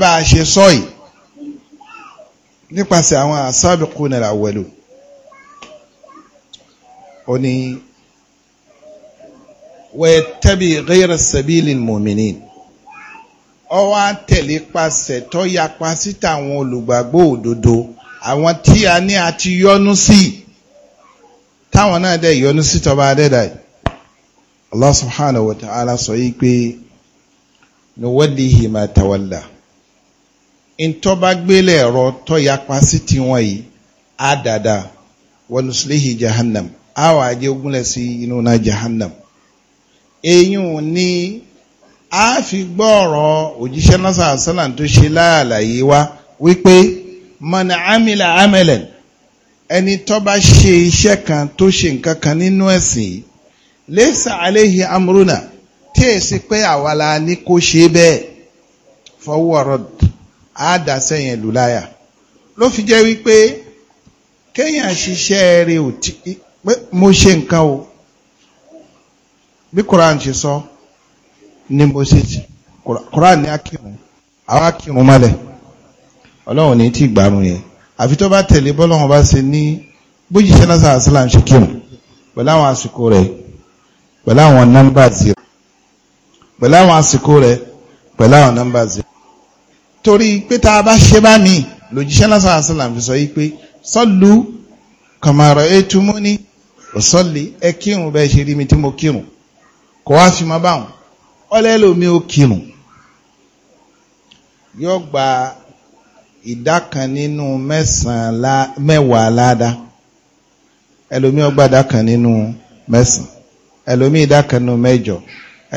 A: bá nípasẹ̀ àwọn asabiquna al-awwalun ó ní wẹ̀tẹ́bì ghayra sabilil mu'minin ó wá tẹ̀lé pasẹ̀ tó yapa síta àwọn olùgbàgbọ́ òdodo àwọn tí a ní àti yọ́nú sí táwọn náà dẹ̀ yọ́nú sí tọba adẹ́dà yìí Allah subhanahu wa ta'ala sọ yìí pé nuwallihi ma tawalla ntọ́ bá gbélé ẹ̀rọ tọ́ yapa sí tiwọn yìí á dáadáa wọnúsílẹ̀hì jahannam á wà á jẹ́ ogúnlẹ̀ sí inú náà jahannam. eyín ni a fi gbọ́ ọ̀rọ̀ òjíṣẹ́ náà sàlàn tó ṣe láàlàyé wa wípé mọ̀nà amílà amẹ́lẹ̀ ẹni tọ́ ṣe iṣẹ́ kan tó ṣe nǹkan kan nínú ẹ̀sìn lẹ́sà aléhi amúrúnà tí èsì pé àwa la ní kó ṣe bẹ́ẹ̀ fọwọ́ rọ̀dù àádásẹ́ yẹn lù láyà ló fi jẹ́ wípé kéèyàn ṣiṣẹ́ rẹ̀ ò tí pé mo ṣe nǹkan o bí Quran ṣe sọ ni mo ṣe ti Quran ní akírun àwọn akírun mọ́lẹ̀ ọlọ́run ní tí gbàrún yẹn àfi tó bá tẹ̀lé bọ́lọ́run bá ṣe ní bójì sẹ́násà àṣìláàmù ṣe kírun pẹ̀lú àwọn àsìkò rẹ̀ pẹ̀lú àwọn nọ́mbà zero pẹ̀lú àwọn àsìkò rẹ̀ pẹ̀lú àwọn nọ́mbà zero torí pé tá a bá ṣe bá mi lòjíṣẹ́ lásán àṣàlàm ti sọ yí pé sọ́lù kàmàrọ̀ ètùmú ní òsọ́lì ẹ kírun bẹ́ẹ̀ ṣe rí mi tí mo kírun kò wá fi mọ́ báwọn ọlẹ́ lomi ó kírun yóò gba ìdá kan nínú mẹ́sàn-án mẹ́wàá láda ẹlòmí ó gba ìdá kan nínú mẹ́sàn-án ẹlòmí ìdá kan nínú mẹ́jọ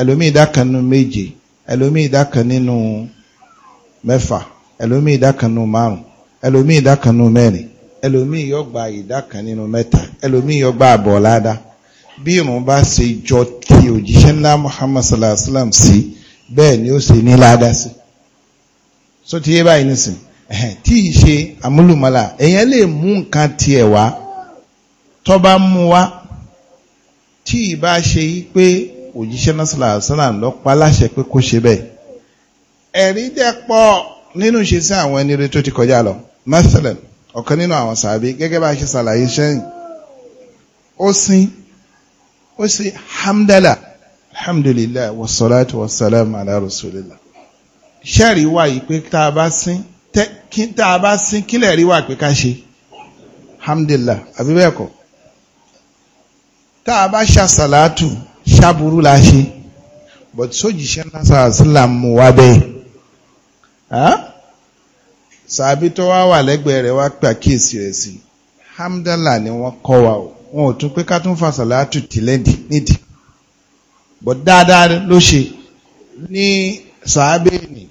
A: ẹlòmí ìdá kan nínú méje ẹlòmí ìdá kan nínú. mẹ́fà ẹlòmíì ìdá márùn ẹlòmíì ìdá mẹ́rin ẹlòmíì gba nínú mẹ́ta ẹlòmíì gba bí irun bá ṣe jọ ti òjíṣẹ́ ńlá Muhammad sallallahu alayhi wa ni ó ṣe ní ládá sí so ti yé báyìí nísìn tí ì ṣe àmúlùmọ́là èèyàn lè mú nǹkan tiẹ̀ wá bá mú wá tí ẹ̀rí dẹ̀ pọ̀ nínú ìṣesí àwọn ẹni rere tó ti kọjá lọ mẹ́sẹ̀lẹ̀ ọ̀kan nínú àwọn sàbí gẹ́gẹ́ bá a ṣe ṣàlàyé sẹ́yìn ó sin ó sin hamdala alhamdulilayi wasalaatu wasalaamu ala rasulillah sẹ́ẹ̀rí wà yìí pé tá a bá sin kí tá rí wà pé ká ṣe hamdulillah àbí bẹ́ẹ̀ kọ́ tá a bá ṣàṣàlátù ṣàbúrú la ṣe but sójìṣẹ́ náà sàásìlà mú wa bẹ́ẹ̀ sàbí tó wá wà lẹ́gbẹ̀ẹ́ rẹ̀ wá pè kíyèsí rẹ̀ sí hamdala ni wọ́n kọ́ wa o wọn ò tún pé ká tún fa sàlátù tìlẹ́dì nídìí bọ́ dáadáa ló ṣe ní sàábẹ́ ni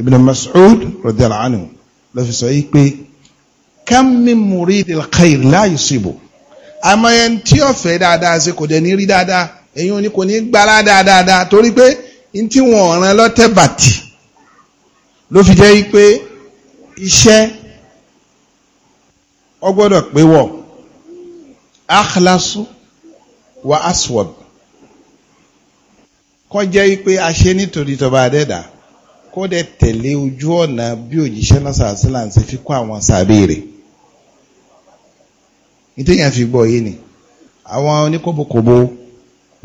A: Ibn Mas'ud radiyallahu anhu ló fi sọ yìí pé kam min muridil khair la yusibu àmọ́ ẹni tí ó fẹ́ dáadáa ṣe kò dẹ̀ ní rí dáadáa èyí ò ní kò ní gbára dáadáa torí pé ntí wọn ọ̀ràn lọ́tẹ̀ bàtì. ló fi jẹ́ pé iṣẹ́ ọgbọ́dọ̀ pé wọ̀ akhlasu wa aswab kọ́ jẹ́ pé a ṣe nítorí tọba adẹ́dà kó dẹ̀ tẹ̀lé ojú ọ̀nà bí òjíṣẹ́ lọ́sà sàásílà fi kọ́ àwọn sàbí rẹ̀ ìtẹ̀yàn fi gbọ́ yìí ni àwọn oníkóbokòbo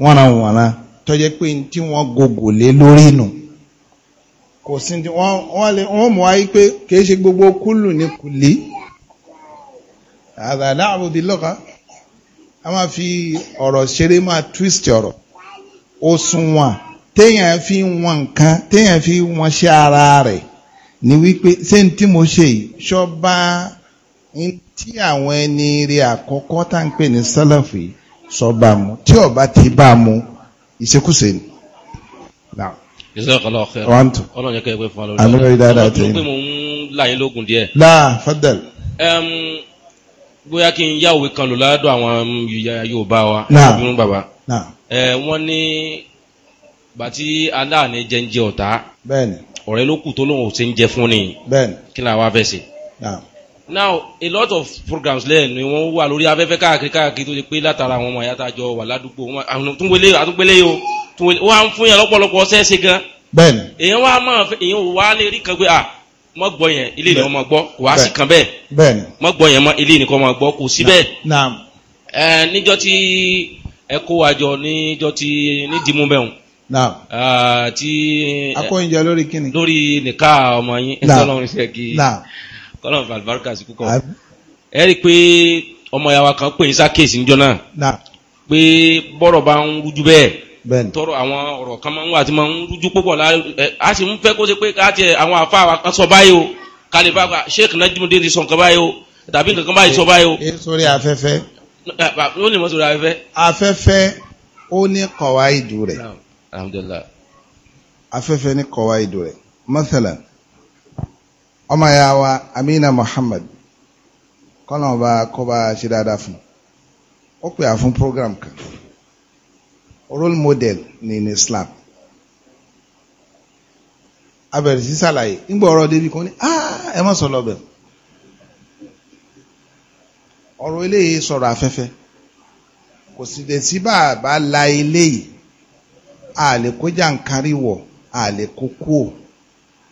A: wọ̀nra tọ́jẹ́ pé tí wọ́n gogò lé lórí kò sí ní wọ́n lè wọ́n mọ̀ wáyé pé kìí ṣe gbogbo kúlù ní kùlí àdàdà àbòdì lọ́ka a máa fi ọ̀rọ̀ ṣeré máa twist ọ̀rọ̀ òṣùwọ̀n téèyàn fi wọn nǹkan téèyàn fi wọn ṣe ara rẹ̀ ni wípé ṣé n tí mo ṣe yìí ṣọba tí àwọn ẹni rẹ̀ àkọ́kọ́ tá ń pè ní sálàfì sọ mu tí ọba ti bá mu ìṣekúṣe ni. Now.
C: Jazakallah khairan. Wa antum. Ọlọ́run yẹ kẹ́ ẹgbẹ́ fún wa lórí. Àmúlò yìí dáadáa tẹ̀yìn. Ọlọ́run pé mò ń láyé lógun díẹ̀.
A: Láà fadal.
C: Bóyá kí n yá òwe kan lò ládùn àwọn Yorùbá wa. Náà ọdún bàbá. Náà. Wọ́n ní bàtí aláàánú jẹ́ ń jẹ ọ̀tá. Bẹ́ẹ̀ni. Ọ̀rẹ́ ló kù tó lóun ò ṣe ń jẹ fún ni. Kí ni àwa fẹ́ Now a lot of programs lẹ́ẹ̀ ni wọ́n wà lórí afẹ́fẹ́ káàkiri káàkiri tó ti pé látara àwọn ọmọ àyàtàjọ wà ládùúgbò àwọn tó ń gbélé yìí o. wọ́n wa ń fún yàn lọ́pọ̀lọpọ̀ ṣẹ́ẹ̀ṣe gan. bẹ́ẹ̀ni. èèyàn wa máa èèyàn wá lè rí kan pé à mọ gbọ́ yẹn ilé ni wọ́n máa gbọ́ kò wá sí kan bẹ́ẹ̀. bẹ́ẹ̀ni. mọ gbọ́ yẹn mọ ilé ni wọ́n máa gbọ́ kò sí bẹ́ẹ̀. naam. ẹ níjọ́ tí ẹ kó wa jọ níjọ́ tí ní dìímú bẹ́ẹ̀ naam. ti. akóyinjọ lórí kíni. lórí nìka ọmọ yín. naam Ọlọ́run ṣe kí. naam. kọlọn falibarika sí kúkọ. ẹ rí i pé ọmọ yàrá kan pè é sákèsí níjọ́ náà. naam. pé bọ́rọ̀ bá ń rújú bẹ́ẹ̀. tọrọ àwọn ọ̀rọ̀ kan máa ń wà tí máa ń rújú púpọ̀ a sì ń fẹ́ kó ṣe pé káàtì àwọn àfa àwọn sọ báyìí o kàlífà sheikh najimudin ti sọ nǹkan báyìí o tàbí nǹkan báyìí sọ báyìí o.
A: sórí afẹ́fẹ́.
C: ó lè mọ sórí afẹ́fẹ́.
A: afẹ́fẹ́ ó ní kọ̀wá ìdú rẹ̀. alhamdulillah. afẹ́fẹ́ ní kọ̀wá ìdú rẹ̀ mathalan ọmọ ya wa amina muhammad kọ́nà ọba kọ́ba ṣe dáadáa fún ó pè á fún program kan role model ni ní Islam abẹ̀rẹ̀ sí sàlàyé nígbà ọ̀rọ̀ débi kan ní ẹ mọ̀ sọ̀rọ̀ bẹ̀ ọ̀rọ̀ eléyìí sọ̀rọ̀ afẹ́fẹ́ kò sì dẹ̀ sí bàbá la eléyìí a lè kó jàǹkárí wọ̀ a lè kó kúò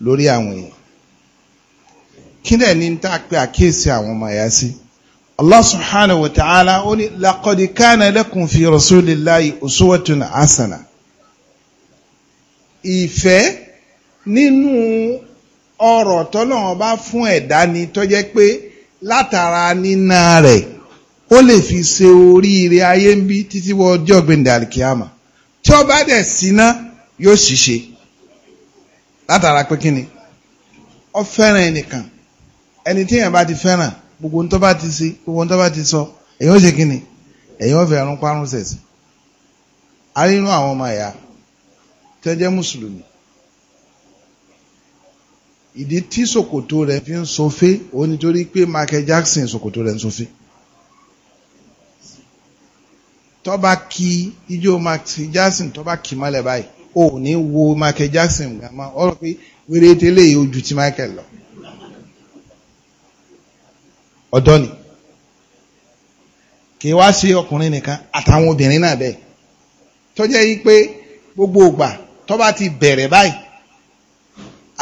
A: lórí àwọn èèyàn kí dẹ̀ ní tá a pé àkíyèsí àwọn ọmọ ẹ̀yà sí. Si Allah subhanahu wa ta'ala ó ní laqad kana lakum fi rasulillahi uswatun hasana ìfẹ́ nínú ọ̀rọ̀ tọ́lọ́run bá fún ẹ̀dá ni tó jẹ́ pé látara níná rẹ̀ ó lè fi ṣe oríire ayé ń bí títí wọ ọjọ́ gbẹ̀ndẹ̀ àlìkíyàmà tí ó bá dẹ̀ síná yóò ṣiṣe látara pé kíni ó fẹ́ràn ẹnìkan ẹni tí èèyàn bá ti fẹ́ràn gbogbo ń tó bá ti ṣe gbogbo ń tó bá ti sọ èyàn ó ṣe kíni èyàn ó fẹ́ àrùn parun sẹ̀sì a rí inú àwọn ọmọ ẹ̀yà tó jẹ́ mùsùlùmí ìdí tí ṣòkòtò rẹ̀ fi ń sọfé òun nítorí pé Michael Jackson ṣòkòtò rẹ̀ ń sọfé tọ́ba kí ijó Michael Jackson tọ́ba kì mọ́lẹ̀ báyìí ò ní wo Michael Jackson gbàmọ́ ọ̀rọ̀ pé wéré tẹ́lẹ̀ ojú ti Michael lọ ọ̀dọ́ ni kì í wá sí ọkùnrin nìkan àtàwọn obìnrin náà bẹ́ẹ̀ tó jẹ́ yí pé gbogbo ìgbà tó bá ti bẹ̀rẹ̀ báyìí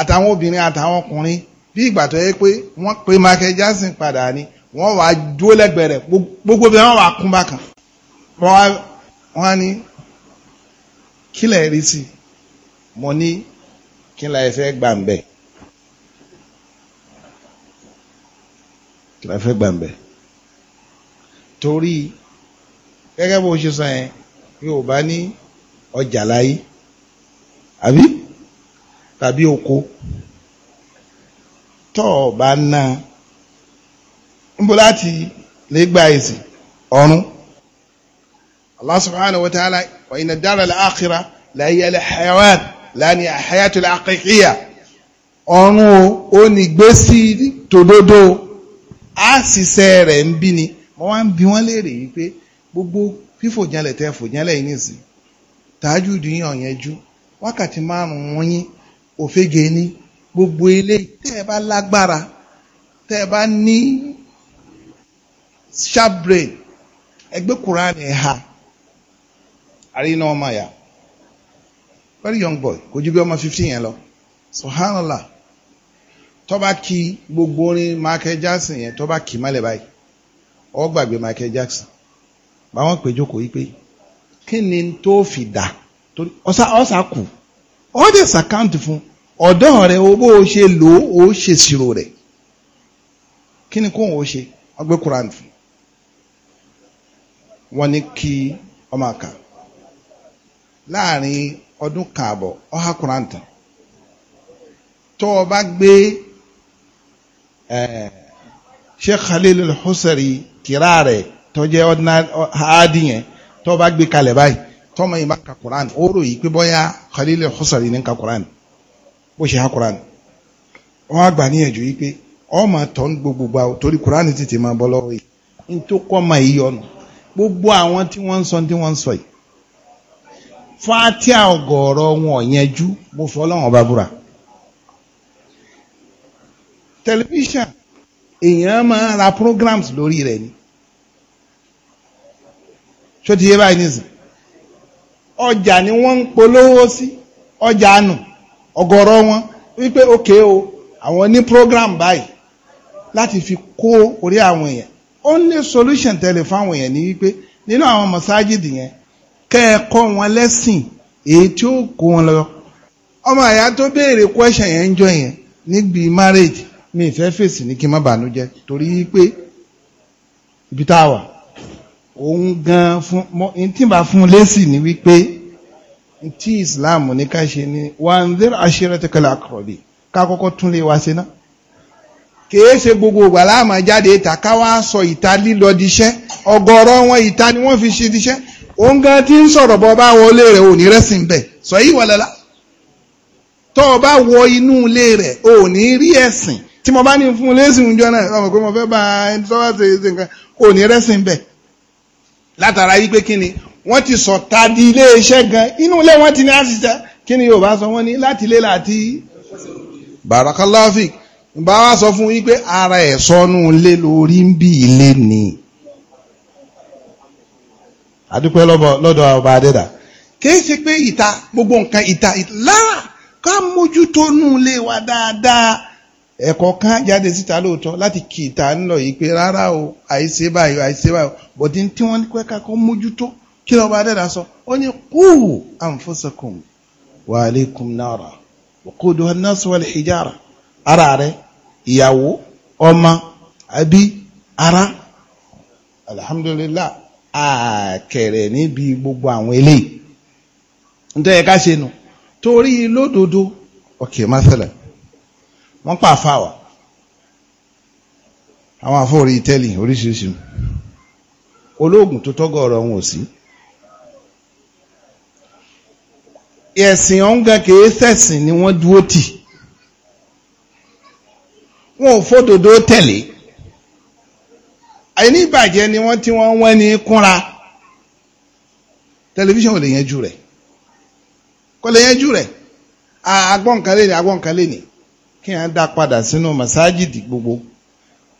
A: àtàwọn obìnrin àtàwọn ọkùnrin bí ìgbà tó yẹ pé wọ́n pe Michael Jackson padà ni wọ́n wàá dúró lẹ́gbẹ̀ẹ́ rẹ̀ gbogbo bí wọ́n wàá kún bákan wọ́n á ní kí rí sí mo ní kí lẹ̀ fẹ́ gbà ń bẹ́ẹ̀. kí la fẹ́ gbàǹbẹ̀ torí gẹ́gẹ́ bó ṣe sọ yẹn Yorùbá ní ọjà láyé àbí tàbí oko tọ́ ọ bá ná níbo láti lè gba èsì ọ̀run Allah subhanahu wa ta'ala wa inna dara al-akhira la hiya al-hayawan la ni al-hayatu al-haqiqiyya ọ̀run o ò ní gbé tòdodo. a ṣiṣẹ́ rẹ̀ ń bí ni mo wá ń bi wọ́n léèrè yìí pé gbogbo fífòjánlẹ̀ tẹ́ fòjánlẹ̀ yìí nìsín tààjú ìdíyàn ọ̀yẹ́jú wákàtí márùn-ún òfegè gbogbo ilé tẹ́ ẹ bá lágbára tẹ́ ẹ ha àríyìn ọmọ àyà very young boy kò ju bí ọmọ fifteen yẹn tó bá kí gbogbo orin Michael Jackson yẹn tó bá kì ọ báyìí ó gbàgbé Michael Jackson báwọn kò yí pé kí ni tó fi dà torí ọsà kù ọ dẹ̀ sàkáǹtì fún ọ̀dọ́ rẹ̀ o o ṣe lò ó ṣe ṣírò kí ni kóhùn ṣe ọgbẹ ọha Quran tán Eh, Sheikh Khalil al-Husari kìrá rẹ̀ tó jẹ́ ordinary haadi yẹn tó bá gbé kalẹ̀ báyìí tọ́mọ yìí bá ka Quran ó rò yìí pé bọ́yá Khalil al-Husari ní ka Quran bó ṣe ha Quran wọ́n á gbà níyànjú yìí pé ọmọ tọ́ ń gbogbo gbà torí Quran tètè máa bọ́ lọ́wọ́ yìí ní tó kọ́ ma yìí ọ̀nà gbogbo àwọn tí wọ́n ń sọ tí wọ́n ń sọ yìí fatia ọgọ̀ọ̀rọ̀ wọn yẹn jú mo fọ́ lọ́wọ́n bá búra tẹlifíṣàn èèyàn máa ra programs lórí rẹ̀ ni ṣó ti yé báyìí nìsín ọjà ni wọ́n ń polówó sí ọjà ànù ọ̀gọ̀rọ̀ wọn wípé òkè o àwọn ní program báyìí láti fi kó orí àwọn èèyàn only solution tẹ́lẹ̀ fáwọn èèyàn ni wípé nínú àwọn mọ̀sájìdì yẹn kẹ́ ẹ kọ́ wọn lẹ́sìn èyí tí ó kó wọn lọ ọmọ àyà tó béèrè question yẹn ń jọ yẹn níbi marriage mi ìfẹ́ fèsì ní kí n má bànújẹ́ torí pé ibi tá a wà òun gan fún tí bá fún lésì ní wípé tí Islam ní ká ṣe ní wanzir ashiratakal aqrabi ká kọ́kọ́ tún lè wá sí náà kìí ṣe gbogbo ìgbà láàmà jáde ìta ká wá sọ ìta lílọ diṣẹ́ ọ̀gọ̀rọ̀ wọn ìta ni wọ́n fi ṣe diṣẹ́ òun gan tí ń sọ̀rọ̀ bọ́ bá wọlé rẹ̀ ò ní rẹ́sìn bẹ̀ sọ yìí wọlẹ́lá tọ́ bá wọ inú ilé rẹ̀ ò ní rí ẹ̀sìn tí mo bá ní fún un lẹ́sìn ìjọ náà ọmọ pé mo fẹ́ bá ẹni tó bá ṣe ṣe nǹkan kò ní rẹ́sìn bẹ̀ látara yí pé kí ni wọ́n ti sọ tadi ilé iṣẹ́ gan inú ilé wọ́n ti ní àṣìṣe kí ni Yorùbá sọ wọ́n ní láti ilé láti barakalafi bá wá sọ fún yín pé ara ẹ̀ sọnù ilé lórí ń bí ilé ni adúpẹ́ lọ́dọ̀ ọba adẹ́dà kìí ṣe pé ìta gbogbo nǹkan ìta lára ká mójútó nù lé wa dáadáa ẹ̀kọ́ kan jáde síta lóòótọ́ láti kì í ta ń lọ yìí pé rárá o àìṣe báyìí àìṣe báyìí bọ̀dí tí wọ́n ní sọ ó ní wa hijara ara rẹ ìyàwó ọmọ àbí ara àkẹrẹ níbi gbogbo àwọn eléyìí ká ṣe torí lódodo wọ́n pa àfáwà àwọn àfọ́ orí tẹ́lì oríṣiríṣi olóògùn tó tọ́gọ̀ ọ̀rọ̀ wọn ò sí ẹ̀sìn ọ̀ǹgà kìí sẹ̀sìn ni wọ́n dúró tì wọn ò fódòdó tẹ̀lé àìní ìbàjẹ́ ni wọ́n tí wọ́n wọ́n ní kúnra tẹlifíṣàn ò lè yanjú rẹ̀ kò lè yanjú rẹ̀ àgbọ̀nkalẹ̀ ni àgbọ̀nkalẹ̀ ni kí a dá padà sínú masajidi gbogbo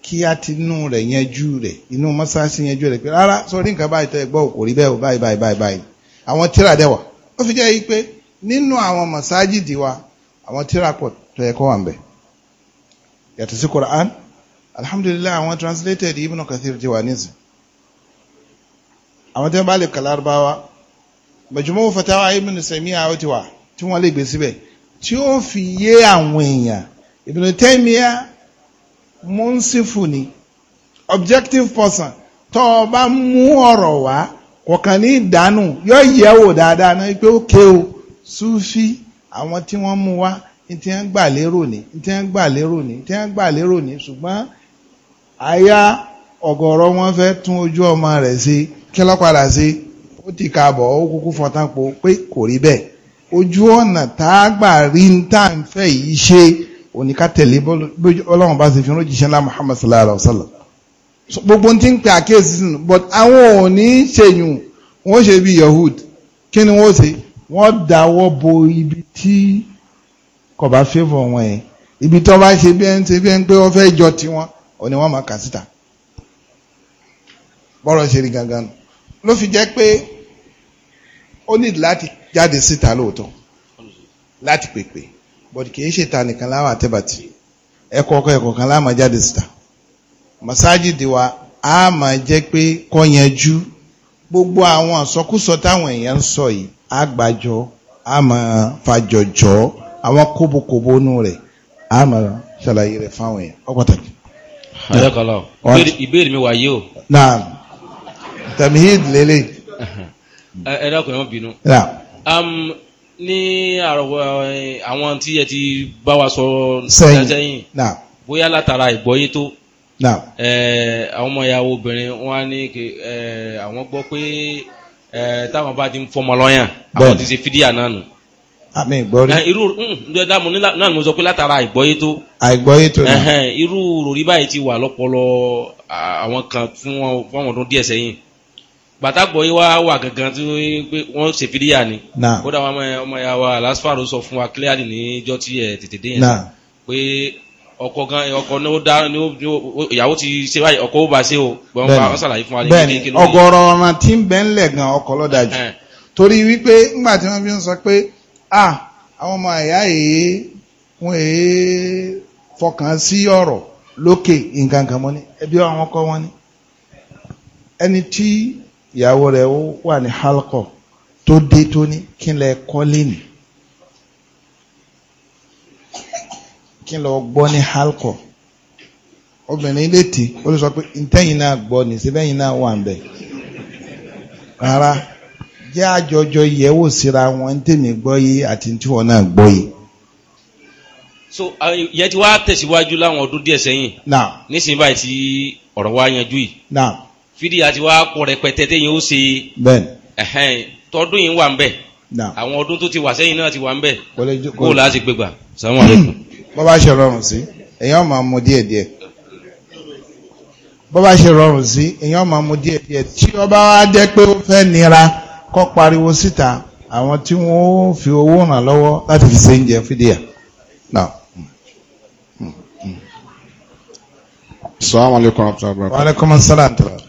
A: kí a ti nú rẹ̀ yanjú rẹ̀ inú masajidi yanjú rẹ̀ pé rárá sọrí nǹkan báyìí tẹ́ gbọ́ kò rí bẹ́ẹ̀ báyìí báyìí báyìí báyìí àwọn tíra dẹ́wà ó fi jẹ́ yí pé nínú àwọn masajidi wa àwọn tíra pọ̀ tó yẹ wà ń bẹ̀ yàtọ̀ sí Quran alhamdulillah àwọn translated Ibn Kathir ti wà nísìn àwọn tí wọ́n bá lè kàlá arúbáwá Majmu' Fatawa Ibn Taymiyyah àwọn ti wà tí wọ́n lè gbé síbẹ̀ tí ó fi yé àwọn èèyàn Ibn Taymiyyah múnsífù objective person tó o bá mú ọ̀rọ̀ wá kọ̀ọ̀kan ní ìdánù yóò yẹ̀ wò dáadáa náà pé ó ké o Súfí àwọn tí wọ́n mú wá ní tí wọ́n gbà lérò ní tí wọ́n gbà lérò ní tí wọ́n gbà lérò ní ṣùgbọ́n àyà ọ̀gọ̀rọ̀ wọn fẹ́ tún ojú ọmọ rẹ̀ ṣe kí ló ó ti kààbọ̀ ó kúkú fọtán pé kò rí bẹ́ẹ̀ ojú ọ̀nà tá a gbà rí ní tá à ń fẹ́ yìí ṣe òní ká tẹ̀lé ọlọ́run bá ṣe fi ránjíṣẹ́ ńlá Muhammad sallallahu alaihi wa sallam gbogbo tí ń pè àkíyèsí sínú but àwọn ò ní ṣèyùn wọ́n ṣe bí Yahud kí ni wọ́n ṣe wọ́n dáwọ́ bo ibi tí kò bá fẹ́fọ̀ wọn yẹn ibi tó bá ṣe bí ẹn ṣe bí ẹn pé wọ́n fẹ́ jọ tiwọn ò ní wọ́n máa kà síta bọ́rọ̀ ṣe rí gangan ló fi jẹ́ pé ó nílò láti jáde síta lóòótọ́ láti pèpè bọ̀dì kìí ṣe ta nìkan láwà àtẹ́bàtì ẹ̀kọ́ ọkọ̀ ẹ̀kọ́ kan láàmà jáde síta masajidi wa a máa jẹ́ pé kọ́yanjú gbogbo àwọn àsọkúsọ táwọn èèyàn ń sọ yìí a gbàjọ a máa fàjọjọ àwọn kóbokòbo nù rẹ̀ a máa ṣàlàyé rẹ̀ fáwọn èèyàn ó pàtàkì. ẹ̀rọ̀kọ̀lọ̀ ìbéèrè mi wà yìí o. naam tamhid lele.
C: ẹ̀rọ̀kọ̀ yẹn bínú. naam ní àrọ̀wọ̀ àwọn tí ẹ ti bá wa sọ
A: sẹ́yìn
C: bóyá látara ìgbọ́yé tó àwọn ọmọ ìyàwó obìnrin wọn ní àwọn gbọ́ pé táwọn bá ti ń fọmọ lọ́yàn àwọn ti ṣe fídíà náà nù. àmì ìgbọ́rí. irú ǹjẹ́ dáàmú náà ni mo sọ pé látara ìgbọ́yé tó.
A: àìgbọ́yé tó náà.
C: irú ròrí báyìí ti wà lọ́pọ̀lọ́ àwọn kan fún wọn fún àwọn díẹ̀ sẹ́yìn. gbàtàgbọ́ yìí wá wà gangan tí wọ́n ṣe fídíà ni kódà wọn ọmọ ya wa sọ fún wa clearly níjọ́ tí ẹ̀ tètè dé yẹn pé ọkọ gan ọkọ ní ó dá ìyàwó ti ṣe báyìí ọkọ ó bá ṣe o Bẹẹni bẹẹni
A: fún ọkọ torí wípé tí fi ń pé a. àwọn ọmọ wọn fọkàn sí lókè nǹkan kan mọ ìyàwó rẹ̀ ó wà ní halkọ̀ tó dé tó ní kí n lẹ kí n lọ gbọ́ ní halkọ̀ obìnrin létí ó lè sọ pé ntẹ́yìn náà gbọ́ ní síbẹ̀yìn náà wà ń rárá jẹ́ àjọjọ ìyẹ̀wò síra wọn ń tèmi gbọ́ yìí àti tí wọn
C: tẹ̀síwájú láwọn ọdún díẹ̀ sẹ́yìn. náà nísìnyí báyìí ọ̀rọ̀ wa yìí. náà Fidi ti wá pọ̀ rẹpẹtẹ tẹ́yìn ó
D: ṣe
C: tọdún yìí wà ń bẹ̀ àwọn ọdún tó ti wà sẹ́yìn náà ti wà ń bẹ̀ kó o láti gbégbà
A: sàmú àlékún. Hmm. bó bá ṣe rọrùn sí èèyàn máa mú díẹ̀ díẹ̀ bó ṣe rọrùn sí èèyàn máa mú díẹ̀ díẹ̀ tí ó bá wá jẹ́ pé ó fẹ́ nira kó pariwo síta àwọn tí wọ́n ó fi owó ràn lọ́wọ́ láti fi ṣe oúnjẹ fídíà. Now. Assalamu hmm. hmm. alaikum warahmatullahi Wa alaikum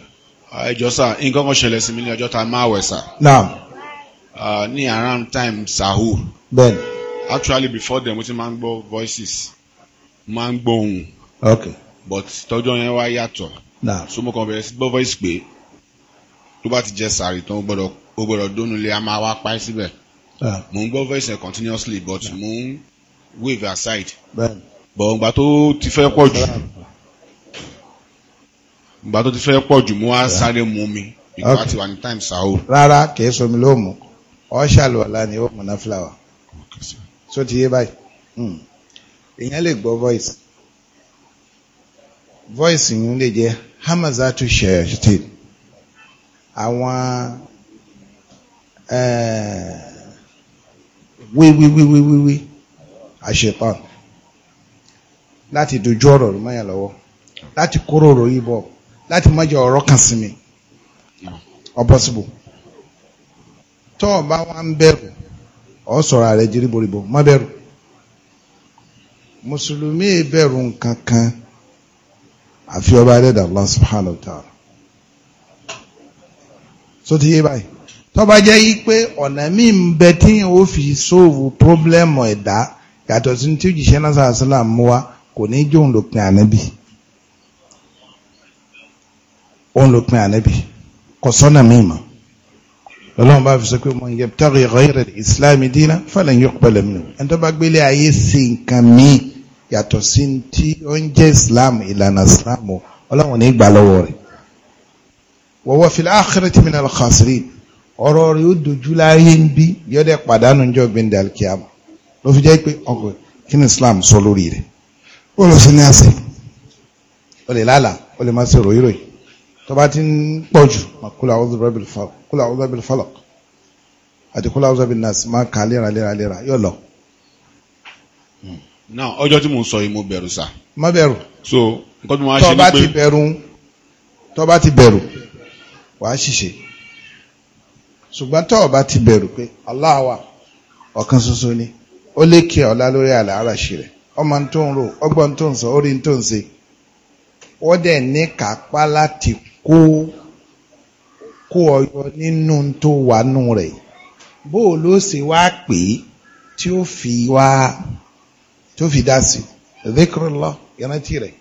F: ẹjọ́ sà nǹkan kan ṣẹlẹ̀ sí mi ní ọjọ́ tá máa wẹ̀ sà. naam. ní around time sahu. bẹ́ẹ̀ni. actually before then mo ti máa ń gbọ́ voices máa ń gbọ́ ohùn. ok. but tọ́jọ́ yẹn wá yàtọ̀. naam. so mo kàn bẹ̀rẹ̀ sí gbọ́ voice pé tó bá ti jẹ sàárì tán ó gbọ́dọ̀ ó gbọ́dọ̀ dónú ilé a máa wá pa ẹ́ síbẹ̀. mo ń gbọ́ voice yẹn continuously but mo ń wave aside. bẹ́ẹ̀ni. but ìgbà tó ti fẹ́ pọ̀ jù ìgbà tó ti fẹ́ pọ̀ jù mú wá sáré mú mi ìgbà tí wà ní time sahur. rárá kìí somi ló mú
A: ọ ṣàlùwàlá ni ó múná fúláwà tó ti yé báyìí èèyàn hmm. lè gbọ́ voice voice yìí lè jẹ́ hamazatu shayatin àwọn eh, wíwíwíwíwí àṣetán láti dojú ọ̀rọ̀ mọ́yàn lọ́wọ́ láti kóró ròyìn bọ́ọ̀. láti mọ́jọ ọrọ kan sí mi ọ̀pọ̀sibò tó o ọ ń bẹ̀rù riboribo ma ààrẹ jírí boríbo má bẹ̀rù ọba adẹ́dà Allah subhanahu wa ta'ala so ti yé báyìí tó bá yí pé ọ̀nà míì ń bẹ fi pírọ́blẹ́mù ẹ̀dá yàtọ̀ sí náà sàásìlà mú wa kò ní òun ló pin ànábì kò sọ́nà míì mọ́ lọ́lọ́run bá fi sọ pé man yabtaghi ghayra al-islam dinan falan yuqbala minhu ẹni tó bá gbélé ayé sí nǹkan míì yàtọ̀ sí tí ó ń jẹ́ islam ìlànà islam o ọlọ́run ní gbà lọ́wọ́ rẹ̀ wa huwa fil akhirati min al-khasirin ọ̀rọ̀ rẹ̀ ó dojú láyé ń bí yọ́dẹ̀ pàdánù jọ gbẹ̀ndẹ̀ alkiyama ló fi jẹ́ pé ọkọ̀ kí ni islam sọ lórí rẹ̀ ó lọ sí ní àṣẹ ó lè lálàá ó lè má ṣe ròyìnròyìn tọba ti ń pọ̀ jù kúlà ọ̀dọ̀ bẹ̀rẹ̀ falọ̀ àti kula ọzọ bẹ̀rẹ̀ nàásì máa kà lera lera léra lọ.
F: Hmm. náà ọjọ́ tí mo sọ yìí mo bẹ̀rù sá. má so nǹkan tí mo wá ṣe ni pé tọba ti bẹ̀rù
A: tọba ti bẹ̀rù ṣìṣe ṣùgbọ́n ti bẹ̀rù pé Allah ọ̀kan ni ó ọmọ tó ń ọgbọ́n tó ń sọ orí tó ń kó kó ọyọ nínú tó wà nù rẹ̀ bó o ló ṣe wá pè é tí ó fi wá tí ó fi dá sí zikrullah ìrántí rẹ̀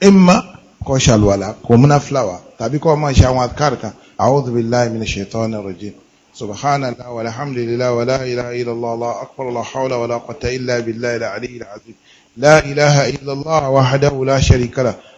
A: ẹ má kọ́ ṣàlùwàlà kò múná fúláwà tàbí kọ́ máa ṣe àwọn àkàrà kan a'udhu billahi minash shaitani rajim subhanallah walhamdulillah ولا ilaha illallah allahu akbar la hawla wala quwwata illa billahi al-ali al-azim la ilaha illallah wahdahu la sharika lahu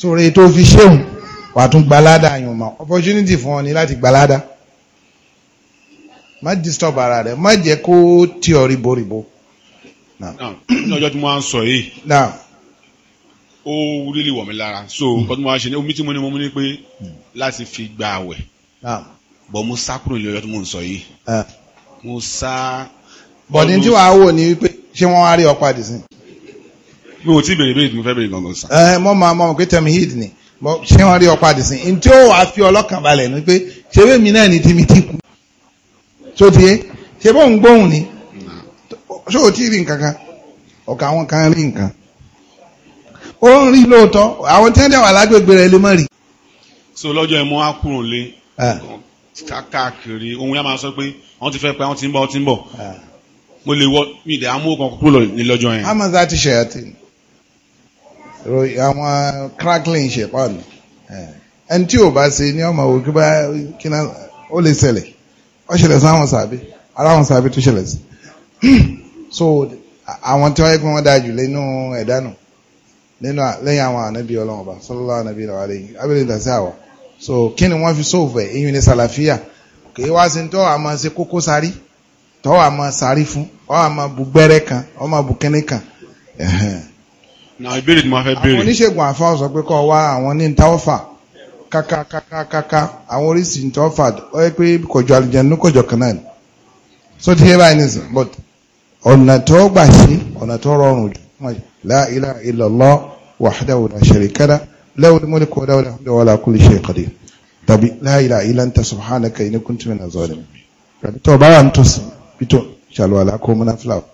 A: sórí ètò fi ṣéun wà tún gbalada àyàn mọ́ opportunity fún ọ ni láti gbalada má disturb ara rẹ má jẹ́ kó tí ọ ríboríbo.
F: ní ọjọ́ tí mo máa ń sọ yìí ó rílì wọ̀ mí lára so hmm. nǹkan tí mo máa ń ṣe ní omi tí mo ní mo ní pé hmm. láti fi gba àwẹ̀ bọ̀ mo sá kúrò nílé ọjọ́ tí mo ń sọ yìí eh. mo sá. bọ̀dé tí wàá
A: wò ní wípé ṣé wọ́n wá rí ọ padì sí
F: mi ò tí bèrè bèrè mo fẹ́ bèrè gangan sa.
A: ẹ mọ mọ àmọ pé tẹmí hid ni ṣé wọn rí ọkọ àdìsín ní tí ó wàá fi ọlọ́kàn balẹ̀ ni pé ṣebí mi náà ni tìmí ti kú tó ti yé ṣe bóun gbóhùn ni ṣé o ti rí nǹkan kan ọ̀kà àwọn kan rí nǹkan ó ń rí lóòótọ́ àwọn tẹ́lẹ̀ wà lágbègbè rẹ̀ lè mọ̀ rí.
F: so lọ́jọ́ ẹ̀ mọ́ á kúrò lé eh. káàkiri ohun yá máa sọ pé wọ́n ti fẹ́ pẹ́ wọ́n ti ń bọ̀ wọ́n ti ń bọ̀ eh. mo lè wọ́ mi ìdè amóhùn kan kúrò nílọ́jọ́ yẹn.
A: amọ̀ zá ti ṣe àtẹ̀yìn. àwọn uh, crackling ṣe pàánù eh, ẹni tí ò bá ṣe ní ọmọ òkú bá kíná ó lè ṣẹlẹ̀ ó ṣẹlẹ̀ sí àwọn sàbí ara àwọn sàbí tó ṣẹlẹ̀ sí *clears throat* so àwọn tí wọ́n yẹ kí wọ́n dájú lẹ́nu ẹ̀dánù nínú lẹ́yìn àwọn ànábì ọlọ́run ọba sọlọ́lá ànábì ọlọ́run àlẹ́yìn so kí ni fi sóòfù ẹ̀ èyí ni sàlàfíà kì wá sí tọ́ àmọ́ kókó sárí tọ́ àmọ́ sárí fún àmọ́ bu gbẹ́rẹ́ kan bu kan
F: na ìbéèrè tí mo fẹ́ béèrè. àwọn oníṣègùn
A: àfáà sọ pé kọ́ wa àwọn ní ntàwọ́fà kákákákáká àwọn oríṣi ntàwọ́fà ọ yẹ pé kọjọ àlùjànnú kọjọ kan náà ni so ti yẹ báyìí nìsín but ọ̀nà tó gbà sí ọ̀nà tó rọrùn jù la ilaha illallah wahdahu la sharika lah lahul mulku wa lahul hamdu wa ala kulli shay'in qadir tàbí la ilaha illa anta subhanaka inni kuntu minaz zalimin. tọ́ba wà ń tọ́sí bí tó ṣàlùwàlá kó múnáfíláwọ̀.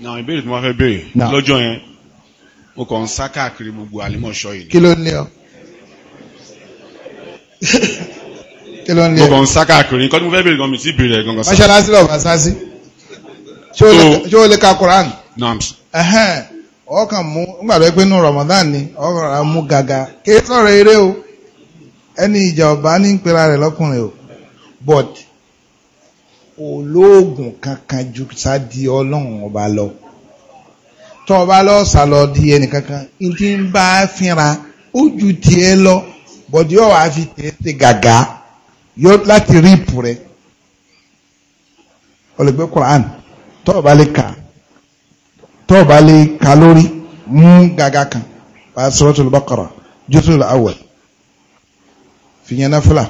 F: na ìbéèrè tí mo fẹ́ béèrè lọ́jọ́ yẹn mo kàn ń sá káàkiri gbogbo àlímọ̀ṣọ́ yìí. kí ló ń lé ọ. *laughs* kí ló ń lé ọ. mo kàn ń sá káàkiri nǹkan tí mo fẹ́ béèrè gan mi ti sá. mọ́ṣáláṣí
A: bá sá sí. ṣé o lè ka Quran. ọkàn mú pé Ramadan ni ọkàn mú gàgà kí sọ̀rọ̀ eré o ẹni o but olóògùn kankan ju sádi ọlọ́run ọba lọ tọ́ ọba lọ sàlọ di ẹnìkankan n ti ń bá fínra ó ju tiẹ̀ lọ bọ̀dí ọ̀wá fi tiẹ̀ ṣe gàgà yọ láti rí ipò rẹ̀ ọlẹgbẹ Quran tọọ bá lè kà tọọ bá lè kà lórí mú gàgà kan bá Suratul Baqara juzul awwal fìyẹn náfìlà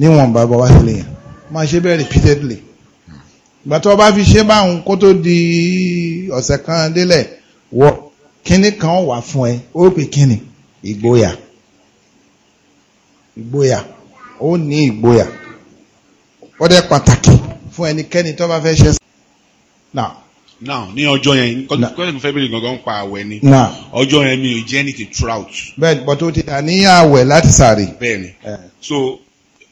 A: níwọ̀n bá bọ́ wá sílẹ̀ yẹn máa ṣe bẹ́ẹ̀ repeatedly ìgbà tó o bá fi ṣe báwọn kó tó di ọ̀sẹ̀ kan délẹ̀ wọ kíní kan wà fún ẹ ó pè kíní ìgboyà ìgboyà ó ní ìgboyà ó dẹ́ pàtàkì fún ẹnikẹ́ni tó bá fẹ́ ṣe sí. now
F: ní ọjọ́ yẹn kọ́sìtì fẹ́ bèrè gangan pa àwẹ̀ ni ọjọ́ yẹn mi ò jẹ́ ní ti trout.
A: bẹ́ẹ̀ni bọ́tò ti ta ní
F: àwẹ̀ láti sàrè. bẹ́ẹ̀ni so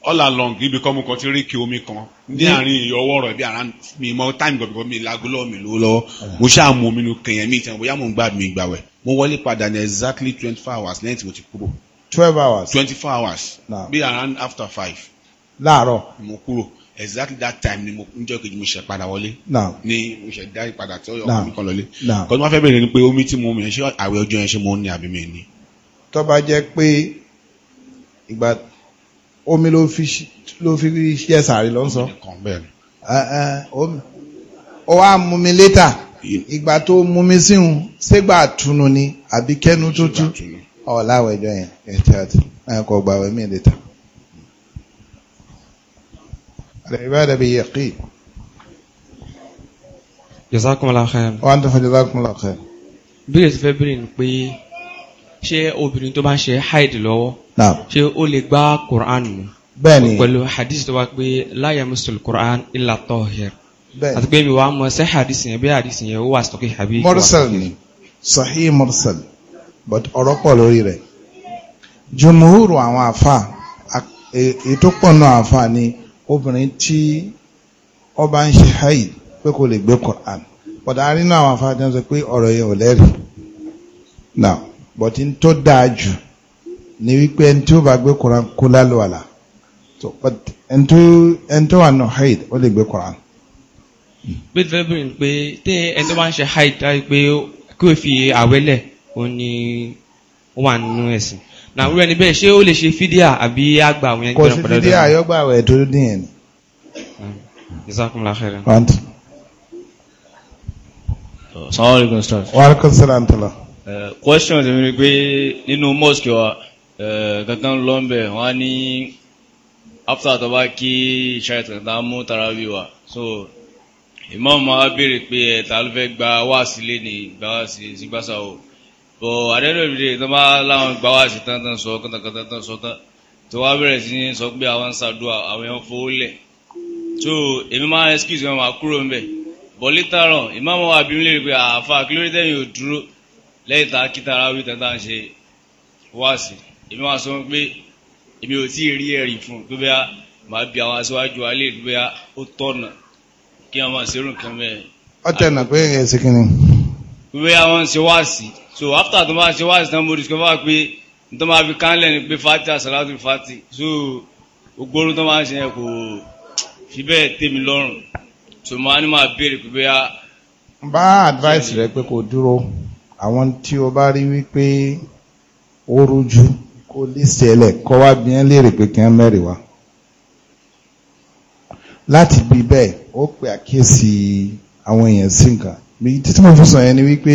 F: all along ibi kan mo kàn ti rí kí omi kan ní àárín ìyọwọ́ rẹ̀ bí ara mi mọ time gan because mi lago lọ́wọ́ mi lówó lọ́wọ́ mo ṣáà mu omi nu kẹ̀yẹ́ mi ìtàn bóyá mo ń gbà mí gbàwẹ̀ mo wọlé padà ní exactly twenty four hours lẹ́yìn tí mo ti kúrò. twelve hours. twenty four hours. Nah. bí around after five. láàárọ̀. mo kúrò exactly that time ni mo ń jẹ́ kejì mo ṣe padà wọlé. ni mo ṣe dá ìpadà tí ọkọ mi kan lọlé. kọ́ ni wọ́n fẹ́ bẹ̀rẹ̀ ni pé omi tí mo mu yẹn ṣé àwẹ̀ ọjọ́ yẹn ṣé mo ní àbí mi ní. tó jẹ́ pé ìgbà omi ló fi ṣe sàárì ló ń sọ
A: ó wá mú mi létà ìgbà tó mú mi síhun ségbà túnú ni àbí kẹ́nu tó tú ọ̀làwọ̀ ẹjọ́ yẹn ẹ̀tẹ́ àti ẹ̀kọ́ gbàwẹ̀ mí létà. العبادة بيقين jazakum ala khair. wọ́n tó fún jazakum ala khair.
C: bí èsì fẹ́ bìrì ni pé ṣé obìnrin tó bá ń ṣe haid lọ́wọ́ ṣe ó lè gbá Quran mu bẹ́ẹ̀ni pẹ̀lú hadith tó wá pé láyé musul Quran ilà tọ́hìr àti pé mi wàá mọ ṣé hadith yẹn bí hadith yẹn ó wà sọ́kè àbí. mursal
A: ni sahih mursal but ọ̀rọ̀ pọ̀ lórí rẹ̀ jùmùhúrù àwọn àfa ètò pọ̀nà àfa ni obìnrin tí ọba ń ṣe haid pé kò lè gbé Quran bọ̀dá nínú àwọn àfa jẹ́ pé ọ̀rọ̀ yẹn ò lẹ́rìí now but n tó dáa jù ni wípé ẹni tí ó bá gbé koran kó lálọ́ àlà ẹni tó wà nù haid ó lè gbé koran.
C: bí fẹ́ bìrì pé tí ẹni tó bá ń ṣe haid dájú pé kí o fi àwẹ́lẹ̀ ó ní ó wà nínú ẹ̀sìn náà wúrẹ́ níbẹ̀ ṣé ó lè ṣe fídíà àbí àgbà àwọn yẹn gbẹ̀rẹ̀ pẹ̀lú ọ̀dọ́ kò sí fídíà
A: yọgbà àwẹ̀ tó dín yẹn.
C: Hmm.
G: jazakumullahu khairan. salaam alaikum
A: ustaz. wa
G: uh, question ti mi ni pé nínú mosque wa kankan lọ ń bẹ̀ wọ́n ní after tó bá kí ṣáìtì tá mú tarawí wa so imam máa béèrè pé ẹ̀ta ló fẹ́ gba wáàsí lé ní gbáwàsí sí gbáṣà o bọ̀ àdẹ́rẹ́ ìbílẹ̀ tó bá láwọn gbáwàsí tántán sọ kọ́tàkọ́tàntán sọ tán tó wá bẹ̀rẹ̀ sí ní sọ pé àwọn ń ṣàdúrà àwọn èèyàn fowó lẹ̀ so èmi máa excuse wọn máa kúrò ń bẹ̀ bọ̀ later on imam wa bí mi lè rí pé àáfà kí ló dé tẹ̀yìn ò dúró lẹ́yìn tá a kí tarawí tẹ̀ta ń ṣe wáàsí èmi wá sọ pé èmi ò tí ì rí ẹ̀rí fún un pé bẹ́ẹ̀ màá bí àwọn aṣáájú alẹ́ ìlú bẹ́ẹ̀ ó tọ̀nà kí wọ́n máa ṣerú nǹkan bẹ́ẹ̀.
A: ọ tẹ̀nà pé èyàn ṣe kínní.
G: pé àwọn ń ṣe wáàsì so after tó máa ṣe wáàsì náà mo discover wá pé tó máa fi kánlẹ̀ ni pé fati asalatu fati so ogbóró tó máa ṣe yẹn kò fi bẹ́ẹ̀ tèmi lọ́rùn so màá ní máa béèrè pé bẹ́ẹ̀.
A: bá advice rẹ pé kò dúró àwọn tí o bá rí wípé ó rújú kó lísì ẹlẹ̀ kọ́ wá bí ẹ́ léèrè pé kí ẹ mẹ́rin wá láti bí bẹ́ẹ̀ ó pè àkíyèsí àwọn èèyàn sí nǹkan títí mo fi sọ yẹn ni wípé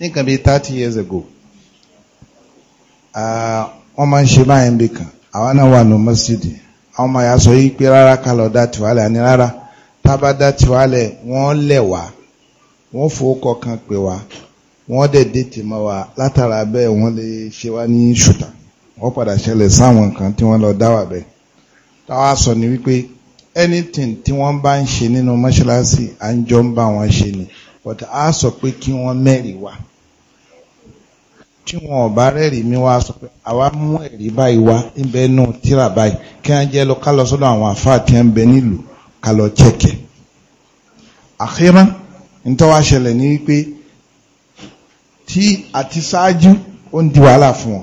A: nǹkan thirty years ago wọ́n máa ń ṣe bí kan náà wà ní àwọn sọ yìí pé rárá ká lọ dá tiwálẹ̀ àní rárá tá bá dá tiwálẹ̀ wọ́n lẹ̀ wá wọ́n fowó kọ̀ọ̀kan wọ́n dẹ̀ dètè mọ́ wa látara bẹ́ẹ̀ wọ́n lè ṣe wá ní ṣùtà wọ́n padà ṣẹlẹ̀ sáwọn nǹkan tí wọ́n lọ dá bẹ́ẹ̀ táwa sọ ni wípé anything tí wọ́n bá ń ṣe nínú mọ́ṣáláṣí à ń jọ ń bá wọn ṣe ni but a sọ pé kí wọ́n mẹ́rìí wá tí wọn ò bá rẹ́rìí mi wá sọ pé àwa mú ẹ̀rí báyìí wá níbẹ̀ nù tíra báyìí kí wọ́n jẹ́ lọ ká lọ sọ́dọ̀ àwọn àfáà tí wọ́n ń bẹ nílùú ká lọ chẹ́kẹ̀ àkírán ní tó ṣẹlẹ̀ ní wípé tí àti ṣáájú ó ń di wàhálà fún wọn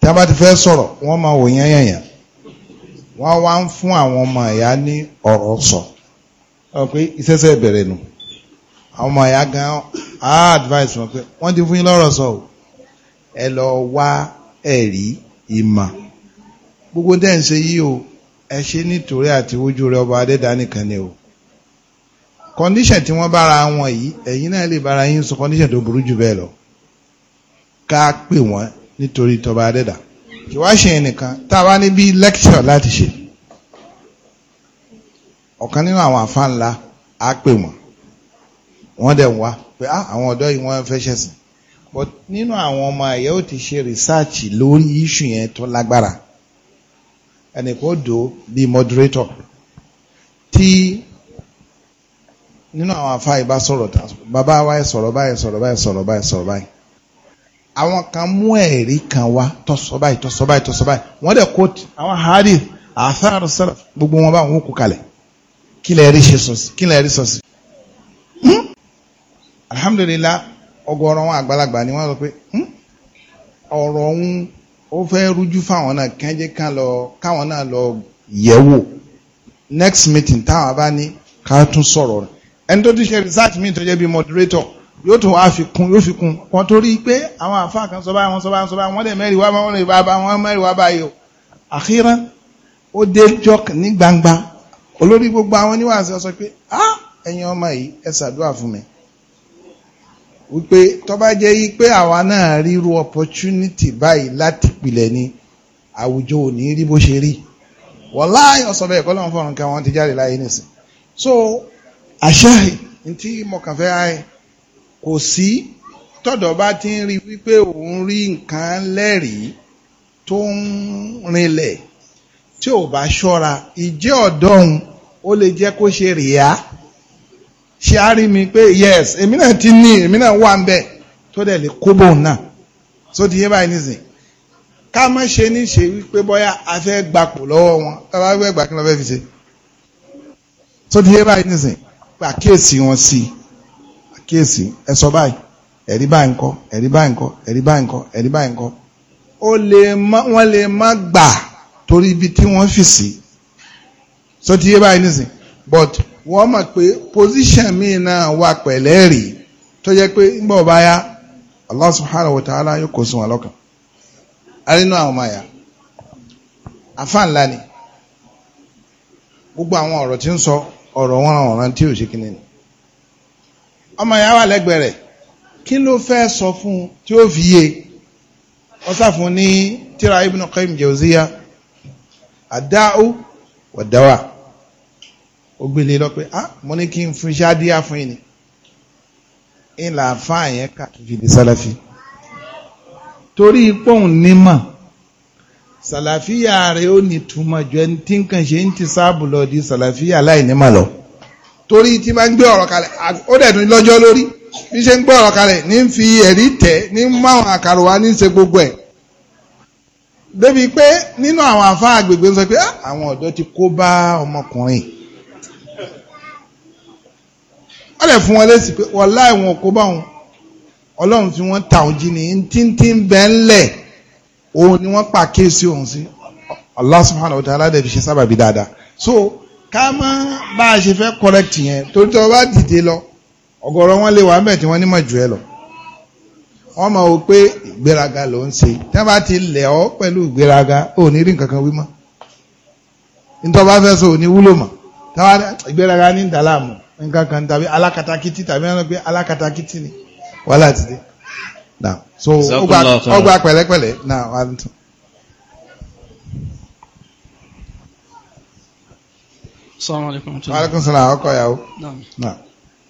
A: tí a bá ti fẹ́ sọ̀rọ̀ wọ́n máa wò yán yàn wọ́n wá ń fún àwọn ọmọ ẹ̀yà ní ọ̀rọ̀ sọ ọ ìṣẹ́ṣẹ́ bẹ̀rẹ̀ nù àwọn ọmọ ẹ̀yà gan á advice wọn pé wọ́n ti fún yín lọ́rọ̀ sọ o ẹ lọ wá ẹ̀rí ìmọ̀ gbogbo dẹ́n ṣe yí o ẹ ṣe nítorí àti ojú rẹ ọba adẹ́dá nìkan ni o condition tí wọ́n bára wọn yìí ẹ̀yin náà lè bára yín sọ condition tó burú jù bẹ́ẹ̀ lọ ká pè wọ́n nítorí tọba adẹ́dà kí wá ṣe nìkan tá a bá ní lecture láti ṣe ọ̀kan nínú àwọn àfáà ńlá á pè wọ́n wọ́n dẹ̀ wá pé ah, àwọn ọ̀dọ́ yìí wọ́n fẹ́ ṣẹ̀sìn but nínú àwọn ọmọ ẹ̀yẹ́ ò ti ṣe research lórí issue yẹn tó lágbára ẹnì kó dò bíi moderator tí nínú àwọn afá ibà sọ̀rọ̀ tà bàbá wa ẹ̀ sọ̀rọ̀ báyìí sọ̀rọ̀ báyìí sọ̀rọ̀ báyìí sọ̀rọ̀ báyìí àwọn kan mú ẹ̀rí kan wá tọ́sọ báyìí tọ́sọ báyìí tọ́sọ báyìí wọ́n dẹ̀ kó àwọn hadith àtàrà sọ̀rọ̀ gbogbo wọn báwọn kú kalẹ̀ kí lè rí ṣe sọ̀sì kí lè rí sọ̀sì. Hmm? alhamdulillah ọ̀gọ̀rọ̀ wọn àgbàlagbà ni wọ́n sọ pé hmm? ọ̀rọ̀ ọ̀hún ó fẹ́ rújú fáwọn náà kẹ́ńjẹ́ káwọn náà lọ yẹ̀wò next meeting táwọn bá ní ká tún sọ̀rọ̀ rẹ̀ ẹni tó tún ṣe research mi tó jẹ́ bí moderator yóò tún wá fi kún yóò fi kún wọn torí pé àwọn àfáà kan sọ báyìí wọn sọ báyìí wọn sọ wọn lè mẹ́rin wá wọn lè bá bá wọn mẹ́rin wá báyìí o àkírá ó dé jọk ní gbangba olórí gbogbo àwọn oníwàásí ọ pé ah ẹ̀yin ọmọ yìí ẹ ṣàdúrà fún mi wípé tó bá jẹ́ yí pé àwa náà ríru opportunity báyìí láti pilẹ̀ ni àwùjọ ò ní rí bó ṣe rí wọ́n láàyè ọ̀sọ̀ bẹ́ẹ̀ kọ́ lóun fọ̀rùn kan wọ́n ti jáde láyé nìsín so àṣẹ ntí mo kàn fẹ́ ayẹ kò sí tọ́dọ̀ bá ti ń rí wípé òun rí nǹkan lẹ́rìí tó ń rinlẹ̀ tí ò bá ṣọ́ra ìjẹ́ ọ̀dọ́ ó lè jẹ́ kó ṣe rìá ṣe á rí mi pé yes èmi náà ti ní èmi náà wà ń bẹ̀ tó dẹ̀ lè kó bóun náà tó ti yé báyìí nísìn ká má ṣe ní ṣe wípé bóyá a fẹ́ gbapò lọ́wọ́ wọn tá bá fẹ́ gbà kí ló fẹ́ fi ṣe tó ti yé báyìí nísìn àkíyèsí wọn sí àkíyèsí ẹ sọ báyìí ẹ̀rí báyìí ńkọ́ ẹ̀rí báyìí ńkọ́ ẹ̀rí báyìí ẹ̀rí báyìí ó lè gbà torí ibi tí wọ́n fi sí so ti yé báyìí nísìn but wọ́n mọ̀ pé position míì náà wà pẹ̀lẹ́ rí tó yẹ pé ńgbọ̀ bá yá yóò kó sun wọn lọ́kàn arínú àwọn ọmọ yà gbogbo àwọn ọ̀rọ̀ sọ ọ̀rọ̀ wọn ọ̀ràn tí ò ṣe kí ni ọmọ ìyá wà lẹ́gbẹ̀ẹ́ rẹ̀ kí ló fẹ́ sọ fún tí ó fi yé ọsàfún ní tíra Ibn Qayyim Jawziya àdáhù wàdáwà ó gbélé lọ pé ah mo ní kí n fún iṣẹ́ adíyá fún yìí ni ńlá fáàyàn kà fi di sálàfí torí pọ́ùn nímọ̀ sàlàfíà rẹ̀ ó ní túmọ̀ ju ẹni tí nǹkan ṣe ń ti sáàbù lọ di sàlàfíà láìnímọ̀ lọ torí tí máa ń gbé ọ̀rọ̀ kalẹ̀ ó dẹ̀ tún lọ́jọ́ lórí bí ṣe ń gbé ọ̀rọ̀ kalẹ̀ ní fi ẹ̀rí tẹ̀ ní máwọn àkàrò wa ní ṣe gbogbo ẹ̀ débi pé nínú àwọn àfa àgbègbè ń sọ pé ah, àwọn ọ̀dọ́ ti kó bá ọmọkùnrin wọ́n lè fún wọn lésì pé wọ́n láì wọn kó bá wọn ọlọ́run fi wọ́n ta òjì ní tí ń tí ń bẹ́ ń lẹ̀ òun ni wọ́n pa kéésì òun sí Allah subhanahu wa ta'ala dẹ̀ fi ṣe sábàbí dáadáa so ká má bá a ṣe fẹ́ correct yẹn torí tí wọ́n bá dìde lọ ọ̀gọ̀rọ̀ wọn lè wà mẹ́ẹ̀ tí wọ́n ní mọ̀ jù ẹ lọ wọ́n mọ̀ wò pé ìgbéraga ló ń ṣe tí wọ́n bá ti lẹ̀ ọ́ pẹ̀lú ìgbéraga ò ní rí nǹkan kan wí mọ́ nítorí wọ́n bá fẹ́ sọ ò ní wúlò mọ́ táwọn ìgbéraga ní ìdálàmù nǹkan kan tàbí alákatakítí tàbí alákatakítí ni wàhálà ti dé now so ọgbà pẹ̀lẹ́pẹ̀lẹ́ now and.
B: Assalamu alaikum. Alaikum salaam ọkọ ìyàwó.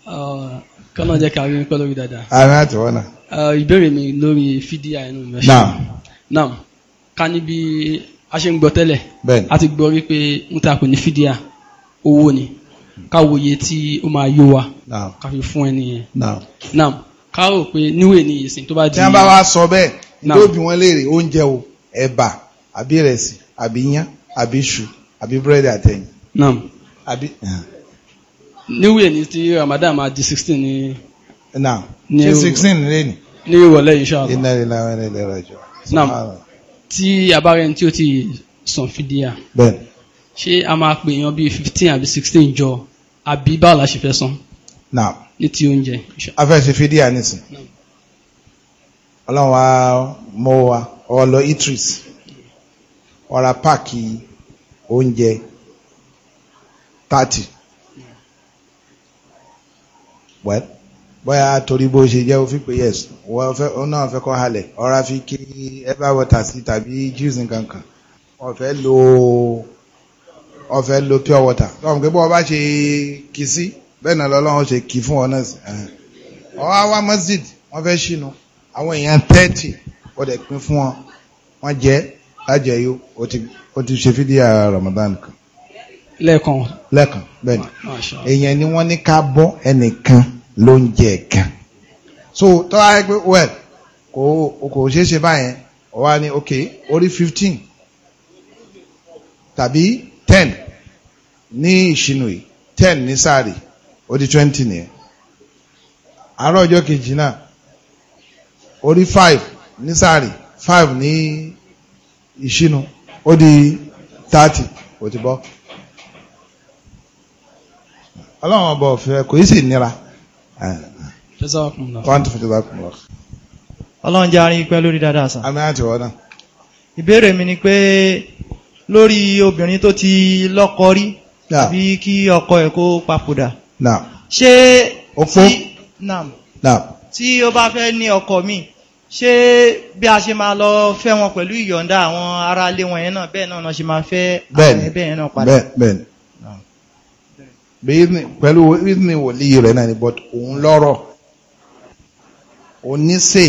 B: Uh, kọ́nà jẹ́ kárí ń pẹ́ lórí dáadáa.
A: Ah, àmì àti wọ́n náà.
B: Uh, ìbéèrè mi lórí fídíà inú mẹ́ṣẹ́. naam. naam ká níbi a ṣe ń gbọ́ tẹ́lẹ̀. bẹ́ẹ̀ni. a ti gbọ́ rí pé n ta kò ní fídíà owó ni ká wòye tí ó máa yó wa. naam ká fi fún ẹni yẹn. naam. naam ká rò pé níwèé ni ìsìn tó bá di. tí wọ́n bá wá
A: sọ bẹ́ẹ̀ yóò bí wọ́n léèrè oúnjẹ o ẹ̀bà àbí ìrẹsì àbí iyán àbí iṣu àbí búrẹ́dì àtẹ̀yìn. naam àbí.
B: níwèé ni ti Ramadan máa di sixteen ni.
A: naam ti sixteen lé ní. ní ìrọ̀lẹ́ inshallah. iná ìlà ìrìn ìlẹ̀ rẹ̀ jọ. naam
B: tí abárẹ́ni tí ó ti san fìdíà. bẹ́ẹ̀ ṣé a máa pè yan bíi fifteen àbí sixteen jọ àbí báwo la ṣe fẹ́ san. naam ní ti oúnjẹ.
A: afẹ́sẹ̀ fídíà nìsín ọlọ́run wa mọ́ wa ọwọ́ itris ọ̀rá páàkì oúnjẹ thirty well bóyá torí bó ṣe jẹ́ ó pé yes wọ́n náà fẹ́ kọ́ halẹ̀ ọ̀rá fi kí ẹ̀bà wọ́tà sí tàbí juice nǹkan kan ọ̀fẹ́ lo ọ̀fẹ́ lo pure water. ọ̀hún pé bó bá ṣe kì sí bẹ́ẹ̀ náà lọ́lọ́run ṣe kí fún ọ náà sí. ọ̀hún àwa masjid wọ́n fẹ́ ṣìnú àwọn èèyàn thirty wọ́n dẹ̀ pín fún wọn wọ́n jẹ́ lájẹyó ó ti ṣe fídíà Ramadan kan. lẹ́ẹ̀kan. lẹ́ẹ̀kan bẹ́ẹ̀ ni èèyàn ni wọ́n ní ká bọ́ ẹnìkan ló ń jẹ ẹ̀kan. so tọ́lá yẹ pé well kò kò ṣeé ṣe báyẹn ọ̀wá ni ok orí fifteen tàbí ten ní ìṣinú yìí ten ní sáà rèé ó di twenty nìyẹn àárọ̀ ọjọ́ kejì náà ó five ní sáré five ní ìṣínú ó di thirty kò ti bọ́ ọlọ́run ọba ọ̀fẹ́ kò í sì nira. ọlọ́run jẹ́ arin pẹ́ lórí dáadáa sàn. àmì àti ọ̀dà.
E: ìbéèrè mi ni pé lórí obìnrin tó ti lọ́kọ rí
C: tàbí kí ọkọ ẹ̀ kó papòdà ṣé òpó tí ó bá fẹ́ ní ọkọ mi ṣé bí a ṣe máa lọ fẹ́ wọn pẹ̀lú ìyọ̀ǹda àwọn ará ilé wọn yẹn náà bẹ́ẹ̀ náà ṣe máa fẹ́ àwọn ẹbẹ̀ yẹn náà padà
A: pẹ̀lú ìdíni wòlíì rẹ̀ náà ni but òun lọ́rọ̀ oníṣe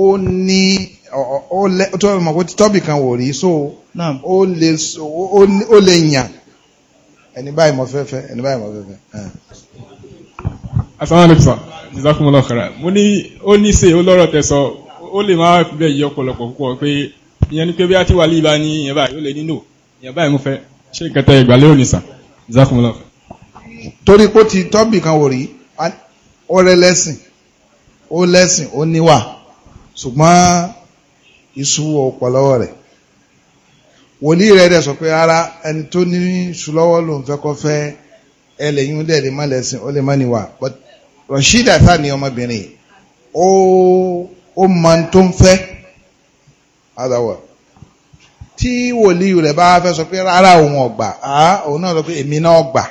A: ó ní ó lẹ́ tó mọ̀ pé tọ́bì kan wò rí so ó lè yàn ẹni báyìí mo fẹ́ fẹ́ ẹni báyìí mo fẹ́ fẹ́. asalaamu alaykum
E: jazakumullahu khairan mo ní ó ní sè ó lọ́rọ̀ tẹ sọ
A: ó lè máa bẹ̀ yí ọ̀pọ̀lọpọ̀
E: púpọ̀ pé ìyẹn ni pé bí a ti wà lè bá ní ìyẹn báyìí ó lè nílò ìyẹn báyìí mo fẹ́ ṣé ìkẹtẹ ìgbàlérò
A: ní sàn jazakumullahu torí pé ó ti tọ́bì kan wò rí ó rẹ lẹ́sìn ó lẹ́sìn ó níwà ṣùgbọ́n iṣu ọ̀pọ̀lọwọ́ rẹ̀ wòlíì rẹ̀ dẹ̀ sọ pé ara ẹni tó ní sùlọ́wọ́ ló ń fẹ́ kọ́ fẹ́ ẹlẹ́yìn dẹ̀ lè má lẹ́sìn ó lè má níwà but Rashida sani ọmọbìnrin ó ó mọ tó ń fẹ́ adáwọ̀ tí wòlíì rẹ̀ bá fẹ́ sọ pé rárá òun ọ̀gbà àá òun náà sọ pé èmi náà ọ̀gbà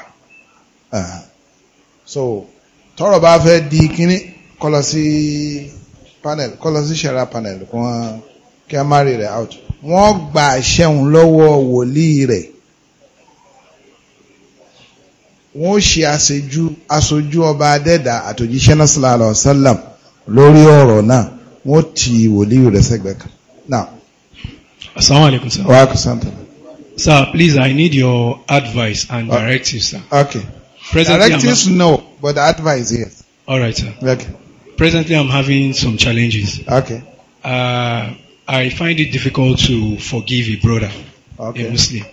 A: so tọrọ bá fẹ́ di kínní kọlọ sí panel kọlọ sí ṣẹra panel kí wọn kí wọn má rí rẹ out wọ́n gba àṣẹun lọ́wọ́ wòlíì rẹ̀ wọ́n ó ṣe àṣejú aṣojú ọba adẹ́dà àtòjíṣẹ́ náà sallallahu alaihi wasallam lórí ọ̀rọ̀ náà wọ́n ti wòlíì rẹ̀ sẹ́gbẹ̀ kan now. asalaamualeykum sir. wa aleykum salaam.
E: sir please I need your advice and ah. directives sir. okay. Presently, directives
A: no but the advice yes. all right
E: sir. okay. Presently I'm having some challenges. okay. Uh, I find it difficult to forgive a brother, okay. a Muslim,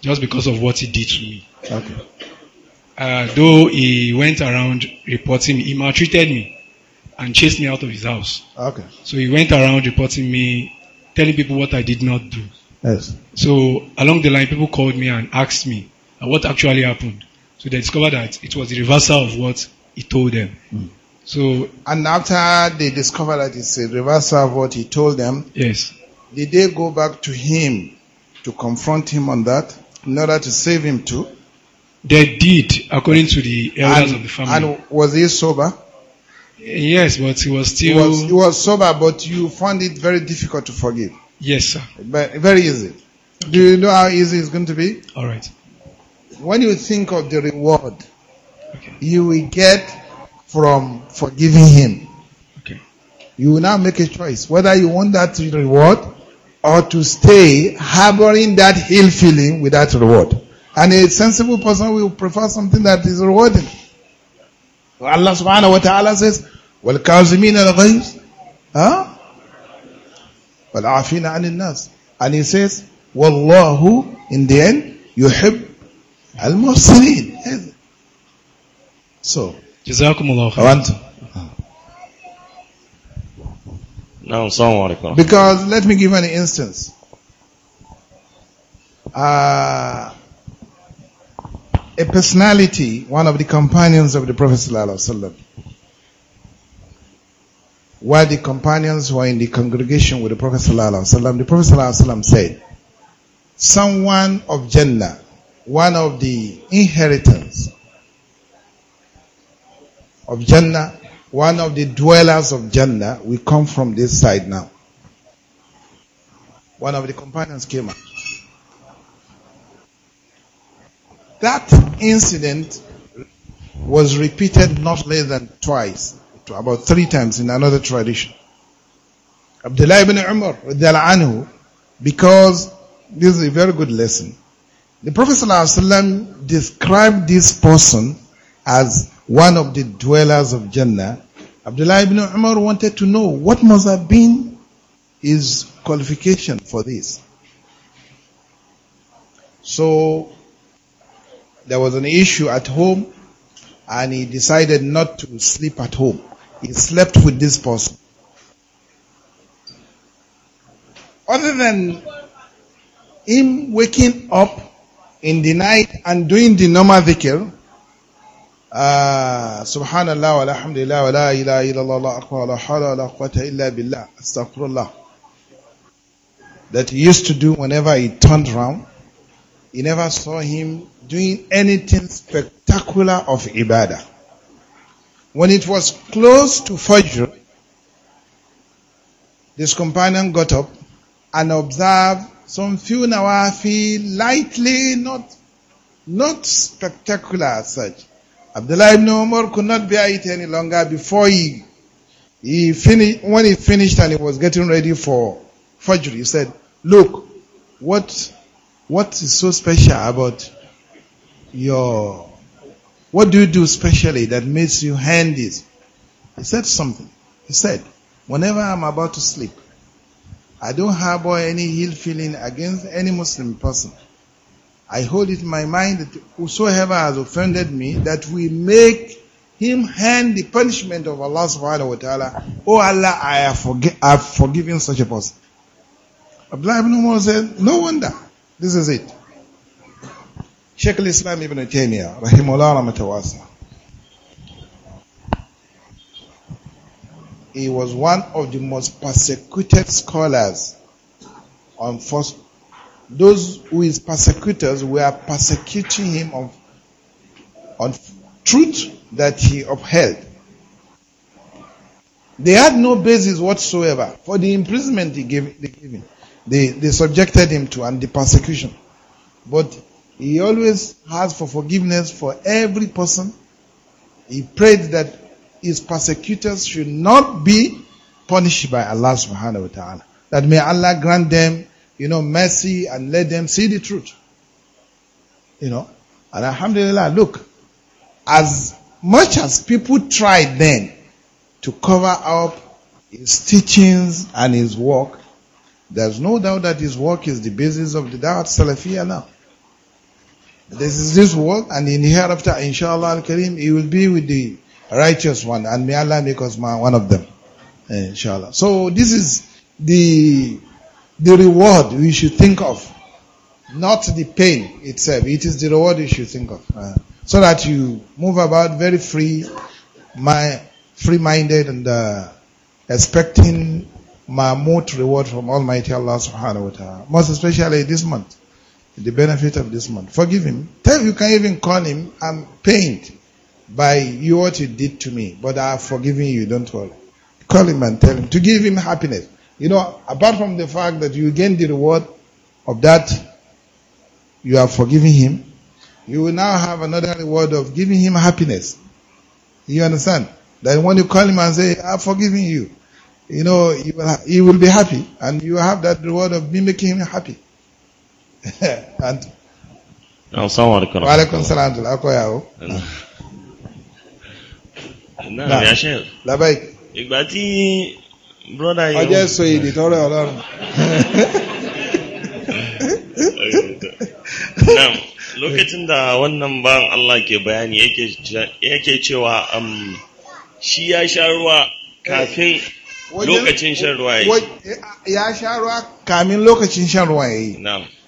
E: just because of what he did
D: to me. Okay.
E: Uh, though he went around reporting me, he maltreated me and chased me out of his house. Okay. So he went around reporting me, telling people what I did not do. Yes. So along the line, people called me and asked me what actually happened. So they discovered that it was the reversal of what he told them. Mm.
A: So, and after they discover that it's a reversal of what he told them, yes, did they go back to him to confront him on that in order to save him too?
E: They did, according to the elders and, of the family. And
A: was he sober? Yes, but he was still. He was, he was sober, but you found it very difficult to forgive. Yes, sir. But very easy. Okay. Do you know how easy it's going to be? All right. When you think of the reward, okay. you will get from forgiving him. Okay. You will now make a choice whether you want that reward or to stay harboring that ill feeling with that reward. And a sensible person will prefer something that is rewarding. Allah subhanahu wa ta'ala says, وَالْكَاظِمِينَ الْغَيْظِ huh? وَالْعَافِينَ anil nas." And he says, who in the end, يُحِبْ al-muhsinin. So, جزاكم الله خير. Now, because let me give an instance. Uh, a personality, one of the companions of the Prophet ﷺ, while the companions were in the congregation with the Prophet Sallallahu Alaihi Wasallam, the Prophet Sallallahu Alaihi Wasallam said, someone of Jannah, one of the inheritance of Jannah, one of the dwellers of Jannah, we come from this side now. One of the companions came out. That incident was repeated not less than twice, about three times in another tradition. Abdullah ibn Umar, anhu, because this is a very good lesson. The Prophet ﷺ described this person as one of the dwellers of Jannah, Abdullah ibn Umar wanted to know what must have been his qualification for this. So there was an issue at home and he decided not to sleep at home. He slept with this person. Other than him waking up in the night and doing the normal dhikr, subhanallah walhamdulillah wala ilaha illallah allah akbar wala hawla wala quwwata illa billah astaghfirullah that he used to do whenever he turned round he never saw him doing anything spectacular of ibadah when it was close to fajr this companion got up and observed some few nawafi lightly not not spectacular as such Abdullah ibn Umar could not bear it any longer before he, he finished, when he finished and he was getting ready for Fajr, he said, look, what, what is so special about your, what do you do specially that makes you handy?" He said something. He said, whenever I'm about to sleep, I don't harbor any ill feeling against any Muslim person. I hold it in my mind that whosoever has offended me, that we make him hand the punishment of Allah subhanahu wa ta'ala. Oh Allah, I have, I have forgiven such a person. Abdullah ibn Umar said, no wonder. This is it. Sheikh al-Islam ibn Taymiyyah, rahimahullah matawasa. He was one of the most persecuted scholars on first those who his persecutors were persecuting him of on truth that he upheld. They had no basis whatsoever for the imprisonment he gave, they gave him. They, they subjected him to and the persecution. But he always asked for forgiveness for every person. He prayed that his persecutors should not be punished by Allah subhanahu wa ta'ala. That may Allah grant them you know, mercy and let them see the truth. You know, and alhamdulillah, look, as much as people tried then to cover up his teachings and his work, there's no doubt that his work is the basis of the Da'at Salafiyah now. This is this work, and in hereafter, inshallah al kareem he will be with the righteous one, and may Allah make us one of them. Inshallah. So this is the the reward you should think of, not the pain itself. It is the reward you should think of, uh, so that you move about very free, my free-minded, and uh, expecting mahmoud reward from Almighty Allah Subhanahu wa Taala. Most especially this month, the benefit of this month. Forgive him. Tell you can even call him. I'm pained by you what you did to me, but I've forgiven you. Don't worry. Call him and tell him to give him happiness. You know, apart from the fact that you gain the reward of that, you are forgiving him, you will now have another reward of giving him happiness. You understand? That when you call him and say, I've forgiven you, you know, he will, he will be happy and you have that reward of me making him happy. *laughs* and
C: وعليكم السلام
A: ورحمة الله وبركاته نعم يا شيخ ọjọ́ èso èdè tọrọ ọlọ́run. lokacin da
C: wannan bayan Allah ke bayani yake cewa um, shi ya
A: sha ruwa kafin lokacin shan ruwa ya ya sha ruwa kafin lokacin shan ruwa ya yi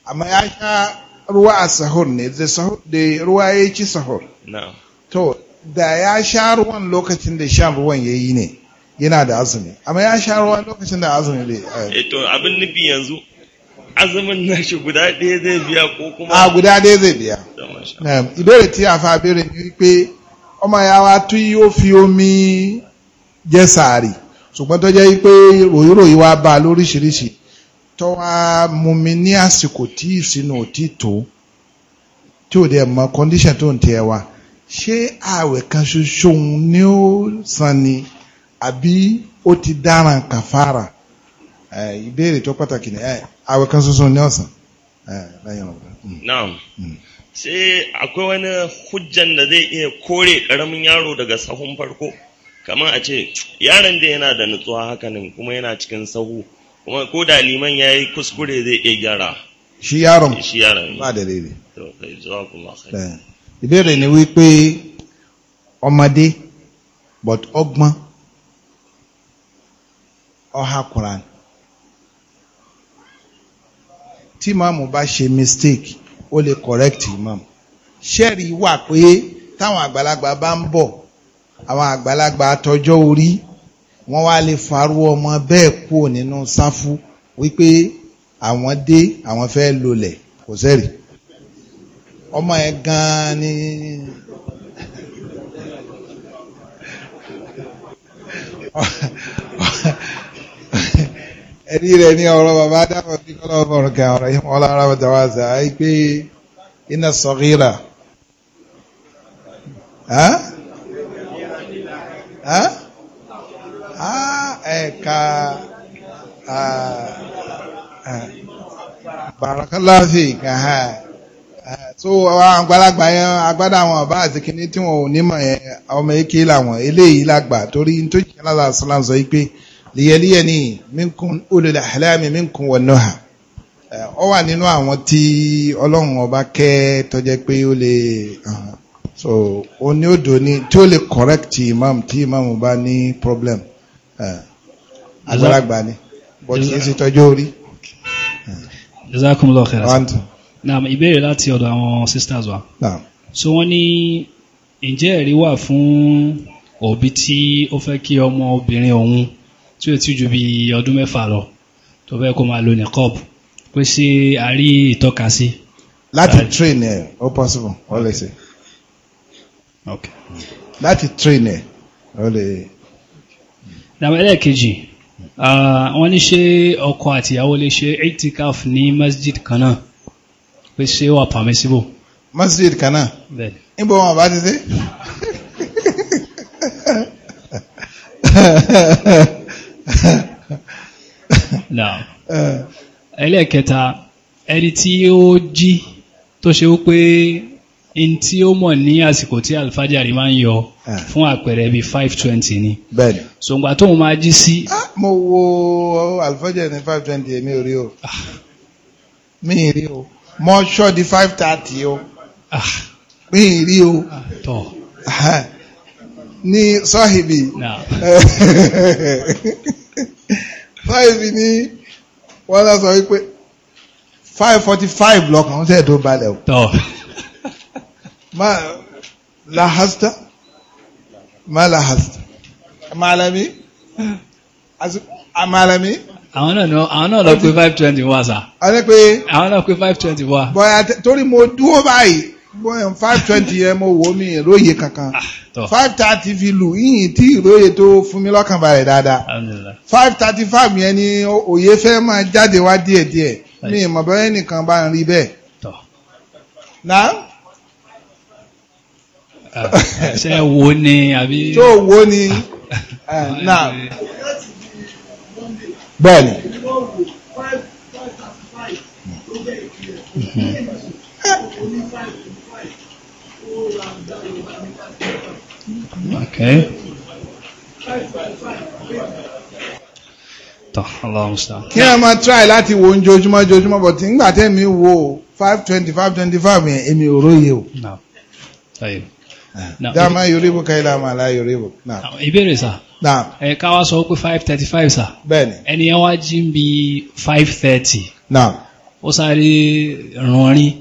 A: amma ya sha ruwa a sahur ne da ruwa ya ci sahur to da ya sha ruwan lokacin da shan ruwan ya yi ne yana da azumi amma ya sha ruwa lokacin da azumi bai
G: eh. eh to abin nufi
C: yanzu azumin nashi guda ɗaya zai biya ko kuma a ah, guda
A: ɗaya zai biya ìbéèrè tí a fa béèrè ni wípé ọmọ ya wa tún yóò fi omi jẹ sàárì ṣùgbọ́n tó jẹ́ wípé ròyìnròyìn wa bá lóríṣiríṣi tó wá mú mi ní àsìkò tí ìsinú ò tí tó tí ò dẹ̀ mọ kọ́ndíṣàn tó ń tẹ̀ wá ṣé ààwẹ̀ kan ṣoṣo ni ó san ni. àbí ó ti dáràn kàfàrà ìbéèrè tó pàtàkì ní àwẹ̀ kan ṣoṣo ní ọ̀sán lẹ́yìn ọ̀gbà. Hmm.
C: naam sai hmm. akwai wani hujjan da zai iya kore karamin yaro daga sahun farko kamar a ce yaron da yana da nutsuwa hakanin kuma yana cikin sahu kuma ko da liman ya yi kuskure zai iya gyara
A: shi yaron shi yaron ba da daidai ne ni wípé omade but ogbon ọha Quran tí imaamu bá ṣe mistake ó lè correct imaamu ṣẹ́ẹ̀rì wà pé táwọn àgbàlagbà bá ń bọ̀ àwọn àgbàlagbà àtọjọ́ orí wọ́n wá lè farú ọmọ bẹ́ẹ̀ kúrò nínú sáfù wípé àwọn dé àwọn fẹ́ lolẹ̀ kò sẹ́rì ọmọ ẹ̀ gan-an ni ẹni rẹ̀ ní ọrọ bàbá dáhùn ní kọ́lọ̀ ọ̀rọ̀ kan yìí wọ́n lára ọ̀dà wa zà áyí pé iná sọ̀rìlà. ẹ̀ka bàrọ̀kọ́láfì kàhán tó àgbàlagbà yẹn agbádá àwọn ọba àti tí wọn ò nímọ̀ yẹn ọmọ èké làwọn eléyìí làgbà torí tó jẹ́ lára sọ́lá sọ yìí pé. liyaliyani minkum ulul ahlami minkum wan nuha ọ wà nínú àwọn tí ọlọ́run ọba kẹ́ tó jẹ́ pé ó lè uh, so ó ní òdò ní tí ó lè correct imam tí imam bá ní problem agbálagbà ni but kì í ṣe tọ́jú orí.
B: jazakumullahu khairan. naam ìbéèrè láti ọ̀dọ̀ àwọn sisters wa. so wọ́n ní ǹjẹ́ ẹ̀rí wà fún òbí tí ó fẹ́ kí ọmọ obìnrin òun tí ó ti ju bí ọdún mẹ́fà lọ tó fẹ́ kó máa lo niqab pé ṣé a rí ìtọ́ka sí.
A: láti train ẹ ó possible ó lè ṣe. láti train ẹ ó lè.
B: dàmọ́ ẹlẹ́ẹ̀kejì wọ́n ní ṣé ọkọ àtìyàwó lè ṣe itikaf ní masjid kan náà pé ṣé wà permissible. masjid kan
A: náà níbo wọn bá ti dé. *laughs* Uh,
B: ẹlẹ́ẹ̀kẹta ẹni tí ó jí tó ṣe wípé in tí ó mọ̀ ní àsìkò tí alfajari máa ń yọ ah. fún àpẹẹrẹ bíi five twenty ni ṣùgbọ́n tóun máa jí sí.
A: Ah, mo wo alfajari ní five twenty èmi ò rí o ah. mi ì rí o mo ṣọ́ di five thirty o mi ì rí o ní sọ́hìbì. *laughs* five ní wọ́n lọ sọ wípé five forty five lọ́kàn tẹ̀ tó balẹ̀ o. ma la hasta ma la hasta malami malami.
B: àwọn náà lọ àwọn náà lọ pé five twenty wá sa. a
A: ní pé. àwọn náà pé five twenty wá. bọ́yá torí mo dúró báyìí bóyá five twenty yẹn mo wò mí ìróye kankan ah, five thirty fi lù yìnyín tí ìróye tó fún mi lọ́kàn balẹ̀ dáadáa five thirty five yẹn ni òye fẹ́ máa jáde wá díẹ̀díẹ̀ mi ìmọ̀ bẹ́ẹ̀ nìkan bá ń rí bẹ́ẹ̀. na.
B: Ah, ṣé wo ni àbí. tó
A: wo ni *laughs*
F: eh, na.
D: bẹ́ẹ̀ni. five mhm.
A: five Okay. tọ́ ọlọ́run sá. kí ẹ máa try láti wo ojoojúmọ́ ojoojúmọ́ bọ̀ tí ńgbà tẹ́mi wo five twenty five twenty five yẹn èmi ò róye o. dáàmà yorùbá káyìlá máa la yorùbá.
B: ìbéèrè sá. ẹ ká wá sọ pé five thirty five sá. bẹ́ẹ̀ni. ẹni ẹ wá jí bí five thirty. ó sáré rànrin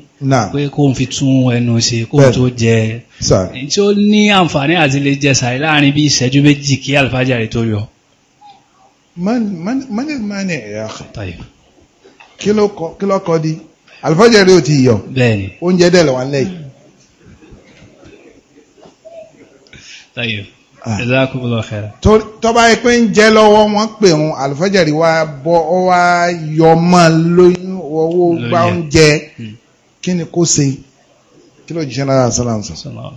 B: pé kó n fi tún ẹnu ṣe kó tó jẹ tí ó ní àǹfààní àti lè jẹ sàrí láàrin bí ìṣẹ́jú méjì kí alfajari tó yọ.
A: mani mani ẹ̀yà kí ló kọ́ di alfajari ò ti yọ oúnjẹ dẹ̀ lọ́wọ́ nílẹ̀ tọ́ba ah. yẹ ń jẹ́ lọ́wọ́ wọ́n pè ń alfajari wa bọ́ ọ wa yọ mọ́ lóyún owó gbá oúnjẹ. Hmm. kí ni kó ṣe kí ló jíṣẹ́ náà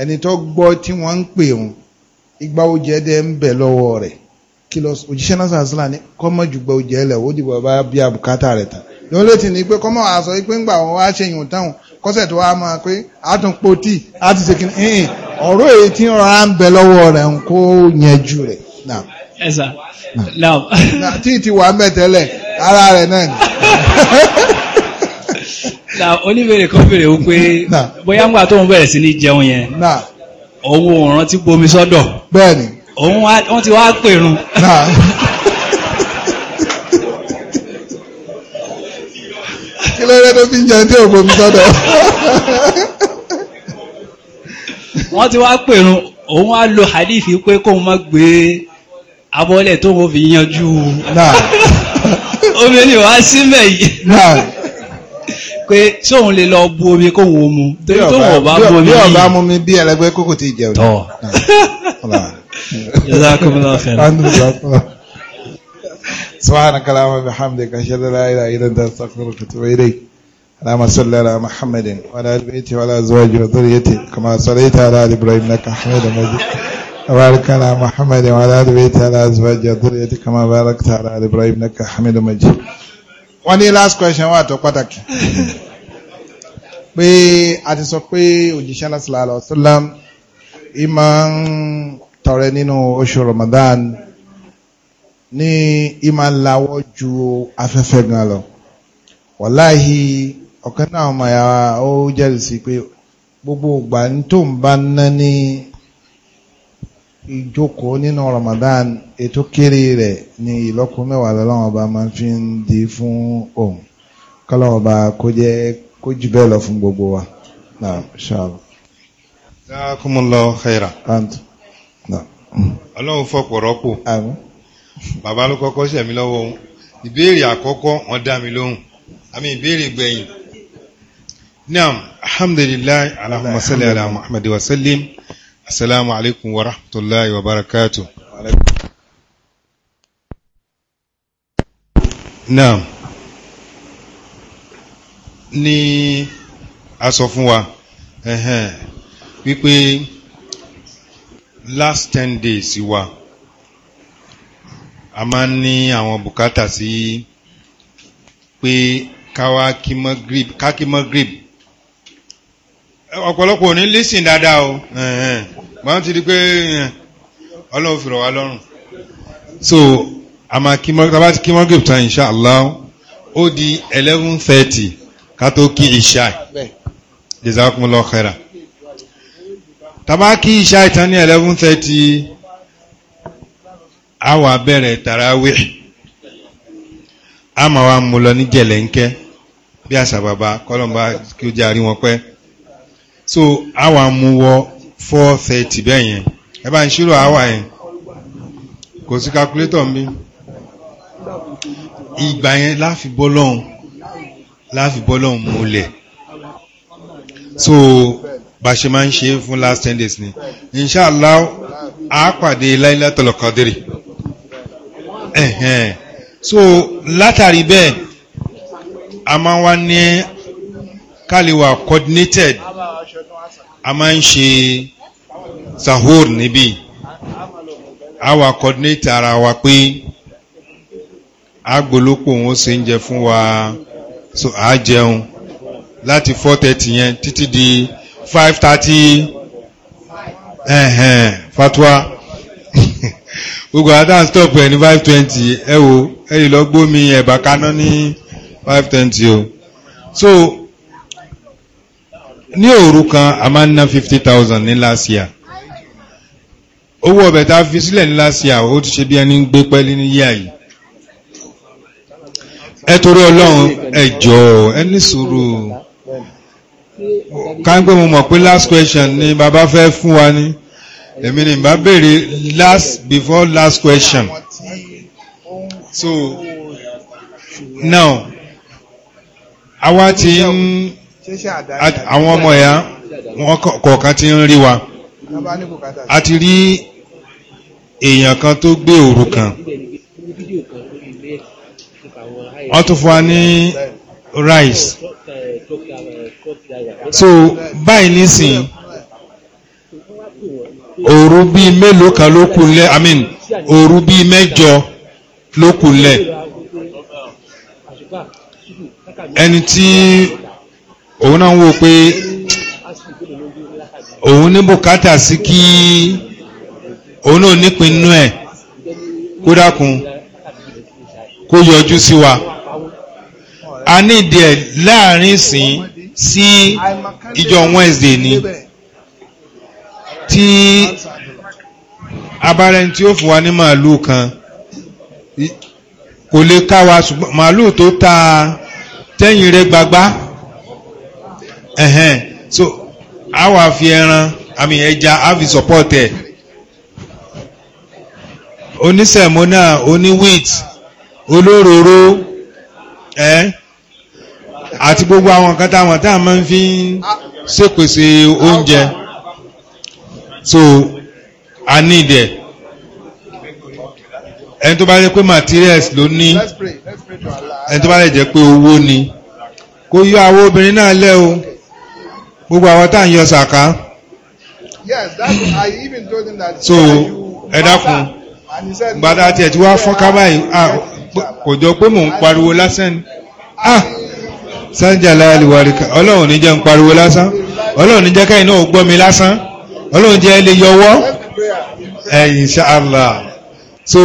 A: ẹni tó gbọ́ tí wọ́n ń pè òun igba oúnjẹ dẹ́ ń bẹ̀ lọ́wọ́ rẹ̀ kí lọ òjíṣẹ́ náà jù oúnjẹ lẹ̀ ó dìbò bá bí rẹ̀ tán létí ni pé kọ́mọ̀ àṣọ pé ńgbà wọn wá ṣe yùn táwọn kọ́sẹ̀ tó wá máa pé tí a ti ṣe ọ̀rọ̀ èyí tí ń rọra ń bẹ lọ́wọ́ rẹ̀ ń kó yẹn jù rẹ̀ *laughs* na oníbèrè kan bèrè wípé
B: bóyá ń gbà tóun bẹ̀rẹ̀ sí ní jẹun yẹn òun ò rántí bomi sọ́dọ̀ bẹ́ẹ̀ni òun wọ́n ti wá pèrun kí ló rẹ́ tó fi ń jẹun tí ò bomi sọ́dọ̀ wọ́n ti wá pèrun òun wá lo hadithi pé kóun má gbé abọ́lẹ̀ O fi yanjú
A: omi ni wàá símẹ̀ yìí pé tí òun lè lọ bu omi kó wo mu torí tó wọ̀ bá bu omi yìí. bí ọba mú mi bí ẹlẹgbẹ́ kókò tí jẹun. tọ́
D: jazakumullahu khairan.
A: سبحانك اللهم وبحمدك اشهد ان لا اله الا انت استغفرك واتوب اليك اللهم صل على محمد وعلى ال بيته وعلى ازواجه وذريته كما صليت على ال ابراهيم انك حميد مجيد وبارك على محمد وعلى ال بيته وعلى ازواجه وذريته كما باركت على ال ابراهيم انك حميد مجيد wọ́n ní last question wà tó pàtàkì pé a ti sọ pé òjíṣẹ́ sallallahu alaihi wasallam ìmọ̀ ń tọrẹ nínú oṣù Ramadan ní ìmọ̀ ń lawọ́ ju afẹ́fẹ́ gan lọ wàláhì ọ̀kan náà ọmọ ya ó jẹ́rìí sí pé gbogbo ìgbà tó ń bá ná ní ìjókòó nínú Ramadan ètò kéré rẹ̀ ni ìlọ́kùn mẹ́wàá lọ́wọ́ ọba máa fi ń di fún òun kọ́lọ́wọ́ ọba kó jẹ́ kó jù bẹ́ẹ̀ lọ fún gbogbo wa.
D: Jazakumullahu khaira. Ọlọ́run fọ̀pọ̀ rọ́pò. Bàbá ló kọ́kọ́ sẹ̀mí lọ́wọ́ òun. Ìbéèrè àkọ́kọ́ wọ́n dá mi lóhùn. Àmì ìbéèrè gbẹ̀yìn. Naam, alhamdulillah, Allahumma salli wa sallim. السلام عليكم ورحمة الله وبركاته نعم ní a sọ fún wa wípé last ten days wa a máa ń ní àwọn bùkátà sí pé káwá kí Magrib ká ọ̀pọ̀lọpọ̀ ní listen dáadáa o máa ti di pé eh, ọlọ́run fìrọ̀ wá lọ́rùn so àmà tàbá ti kí mọ́gìrì tán insha Allah ó di eleven thirty ká tó kí ìṣá jazakumullahu khaira tàbá kí ìṣá ìtàn ní eleven thirty a wà bẹ̀rẹ̀ tarawih a máa wá mú lọ ní jẹ̀lẹ́ńkẹ́ bí àṣà bàbá kọ́lọ́mbà kí ó jẹ́ àrí wọn pẹ́ so a mú wọ 430 thirty bẹ́ẹ̀ yẹn ẹ bá ń ṣírò àwà yẹn kò sí calculator mi ìgbà yẹn láfi bọ́ múlẹ̀ so bá ṣe máa ń ṣe fún last ten days ni inshallah a pàdé láìlátọ̀lọ̀ kọ́dírì so látàrí bẹ́ẹ̀ a máa wá ní ká coordinated a máa ń ṣe sahur níbí àwa coordinate ara wa pé agbolópò òun ṣe ń jẹ fún wa so a jẹun láti four thirty yẹn títí di five thirty fatwa *laughs* gbogbo àtàn stop ẹ ní five twenty ẹ wo ẹ lè lọ gbómi ẹ̀bà kaná ní five twenty o so ní òru kan a máa ń ná fifty thousand ní last year owó ọbẹ̀ tá a fi sílẹ̀ ní last year ó ti ṣe bí ẹni ń gbé pẹ́lí ní yíyá yìí ẹ torí ọlọ́run ẹ ẹ ní sùúrù káńpé mo mọ̀ pé last question ni bàbá fẹ́ fún wa ní èmi ni bá béèrè last before last question
A: so now
D: àwa ti ń
A: àwọn ọmọ ẹ̀yà wọn
D: kọ̀ọ̀kan ti ń rí wa a ti rí èèyàn kan tó gbé òru kan wọ́n tún fún wa ní rice so báyìí nísìn òru bíi mélòó kan ló kù lẹ́ i mean òru bíi mẹ́jọ ló kù lẹ́ ẹni tí òun náà ń wo pé òun ní bùkátà sí kí òun náà nípinnu ẹ̀ kó dákun kó yọjú sí wa a ní ìdíẹ̀ láàrin ìsìn sí ìjọ Wednesday ni tí abárẹni tí ó fún wa ní màálù kan kò lè ká wa màálù tó ta tẹ́yìn rẹ̀ gbagbá. Ehen so a wà fi ẹran àmì ẹja a fi support ẹ̀ onísẹ̀mọ́nà oní wheat olóróró ati àti gbogbo àwọn akata táwọn tá a máa ń fi ṣèpèsè oúnjẹ so i need ẹ̀ ẹni tó bá jẹ́ pé materials ló ní ẹni tó bá lè pé owó ni kó yọ àwọn obìnrin náà lẹ́ o. gbogbo àwọn tá à ń yọ sàká.
A: yes i even told
D: him that. so ẹ dákun gbadá tiẹ̀ tí wàá fọ́nká báyìí ah, kò jọ pé mò ń pariwo lásán ni ah sanjala aliwarika ọlọ́run ní jẹ́ ń pariwo lásán ọlọ́run ní jẹ́ káyìn náà gbọ́ mi lásán ọlọ́run jẹ́ lè yọwọ́ ẹ̀yìn eh, ṣáàlá so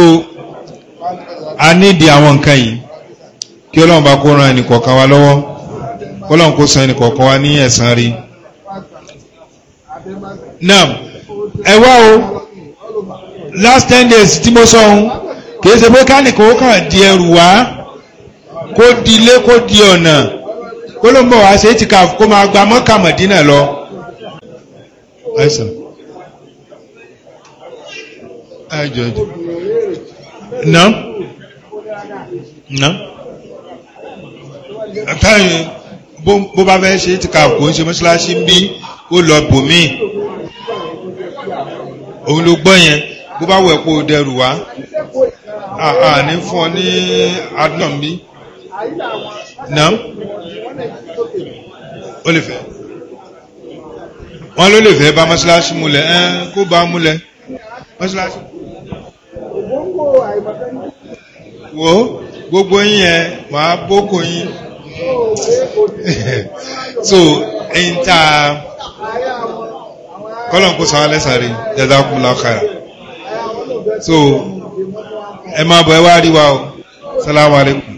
D: a nídìí àwọn nǹkan yìí kí ọlọ́run bá kó ran ẹnìkọ̀ọ̀kan wa lọ́wọ́ kọ́lọ́run kó san ẹnìkọ̀ọ̀kan wa ní ẹ̀san rí naam ẹ wá o last ten days tí mo sọ ohun kìí ṣe pé kánìkì ó kàn di ẹrù wá kó di ilé kó di ọ̀nà kó ló ń bọ̀ wá ṣe é ti kà kó máa gba mọ́kà mọ̀dínà lọ. àìsàn àìjọ jù naam naam bó bá fẹ́ ṣe é ti kà kó ń ṣe mọ́ṣáláṣí ń bí kó lọ bòmíì òun ló gbọ́ yẹn bó bá wẹ̀ kó o dẹrù wá àà ní fún ọ ní adúlọ̀ mi náà ó lè fẹ́ wọ́n ló lè fẹ́ bá mọ́ṣáláṣí múlẹ̀ ẹ́ kó bá múlẹ̀ mọ́ṣáláṣí. wo gbogbo yín yẹn màá bókò yín *laughs*
A: so ẹ̀yin tá
D: a kọ́lọ́n kó san alẹ́ sáré jazakumullahu khaira
G: so ẹ máa bọ̀ ẹ wá rí wa o salamu alaykum.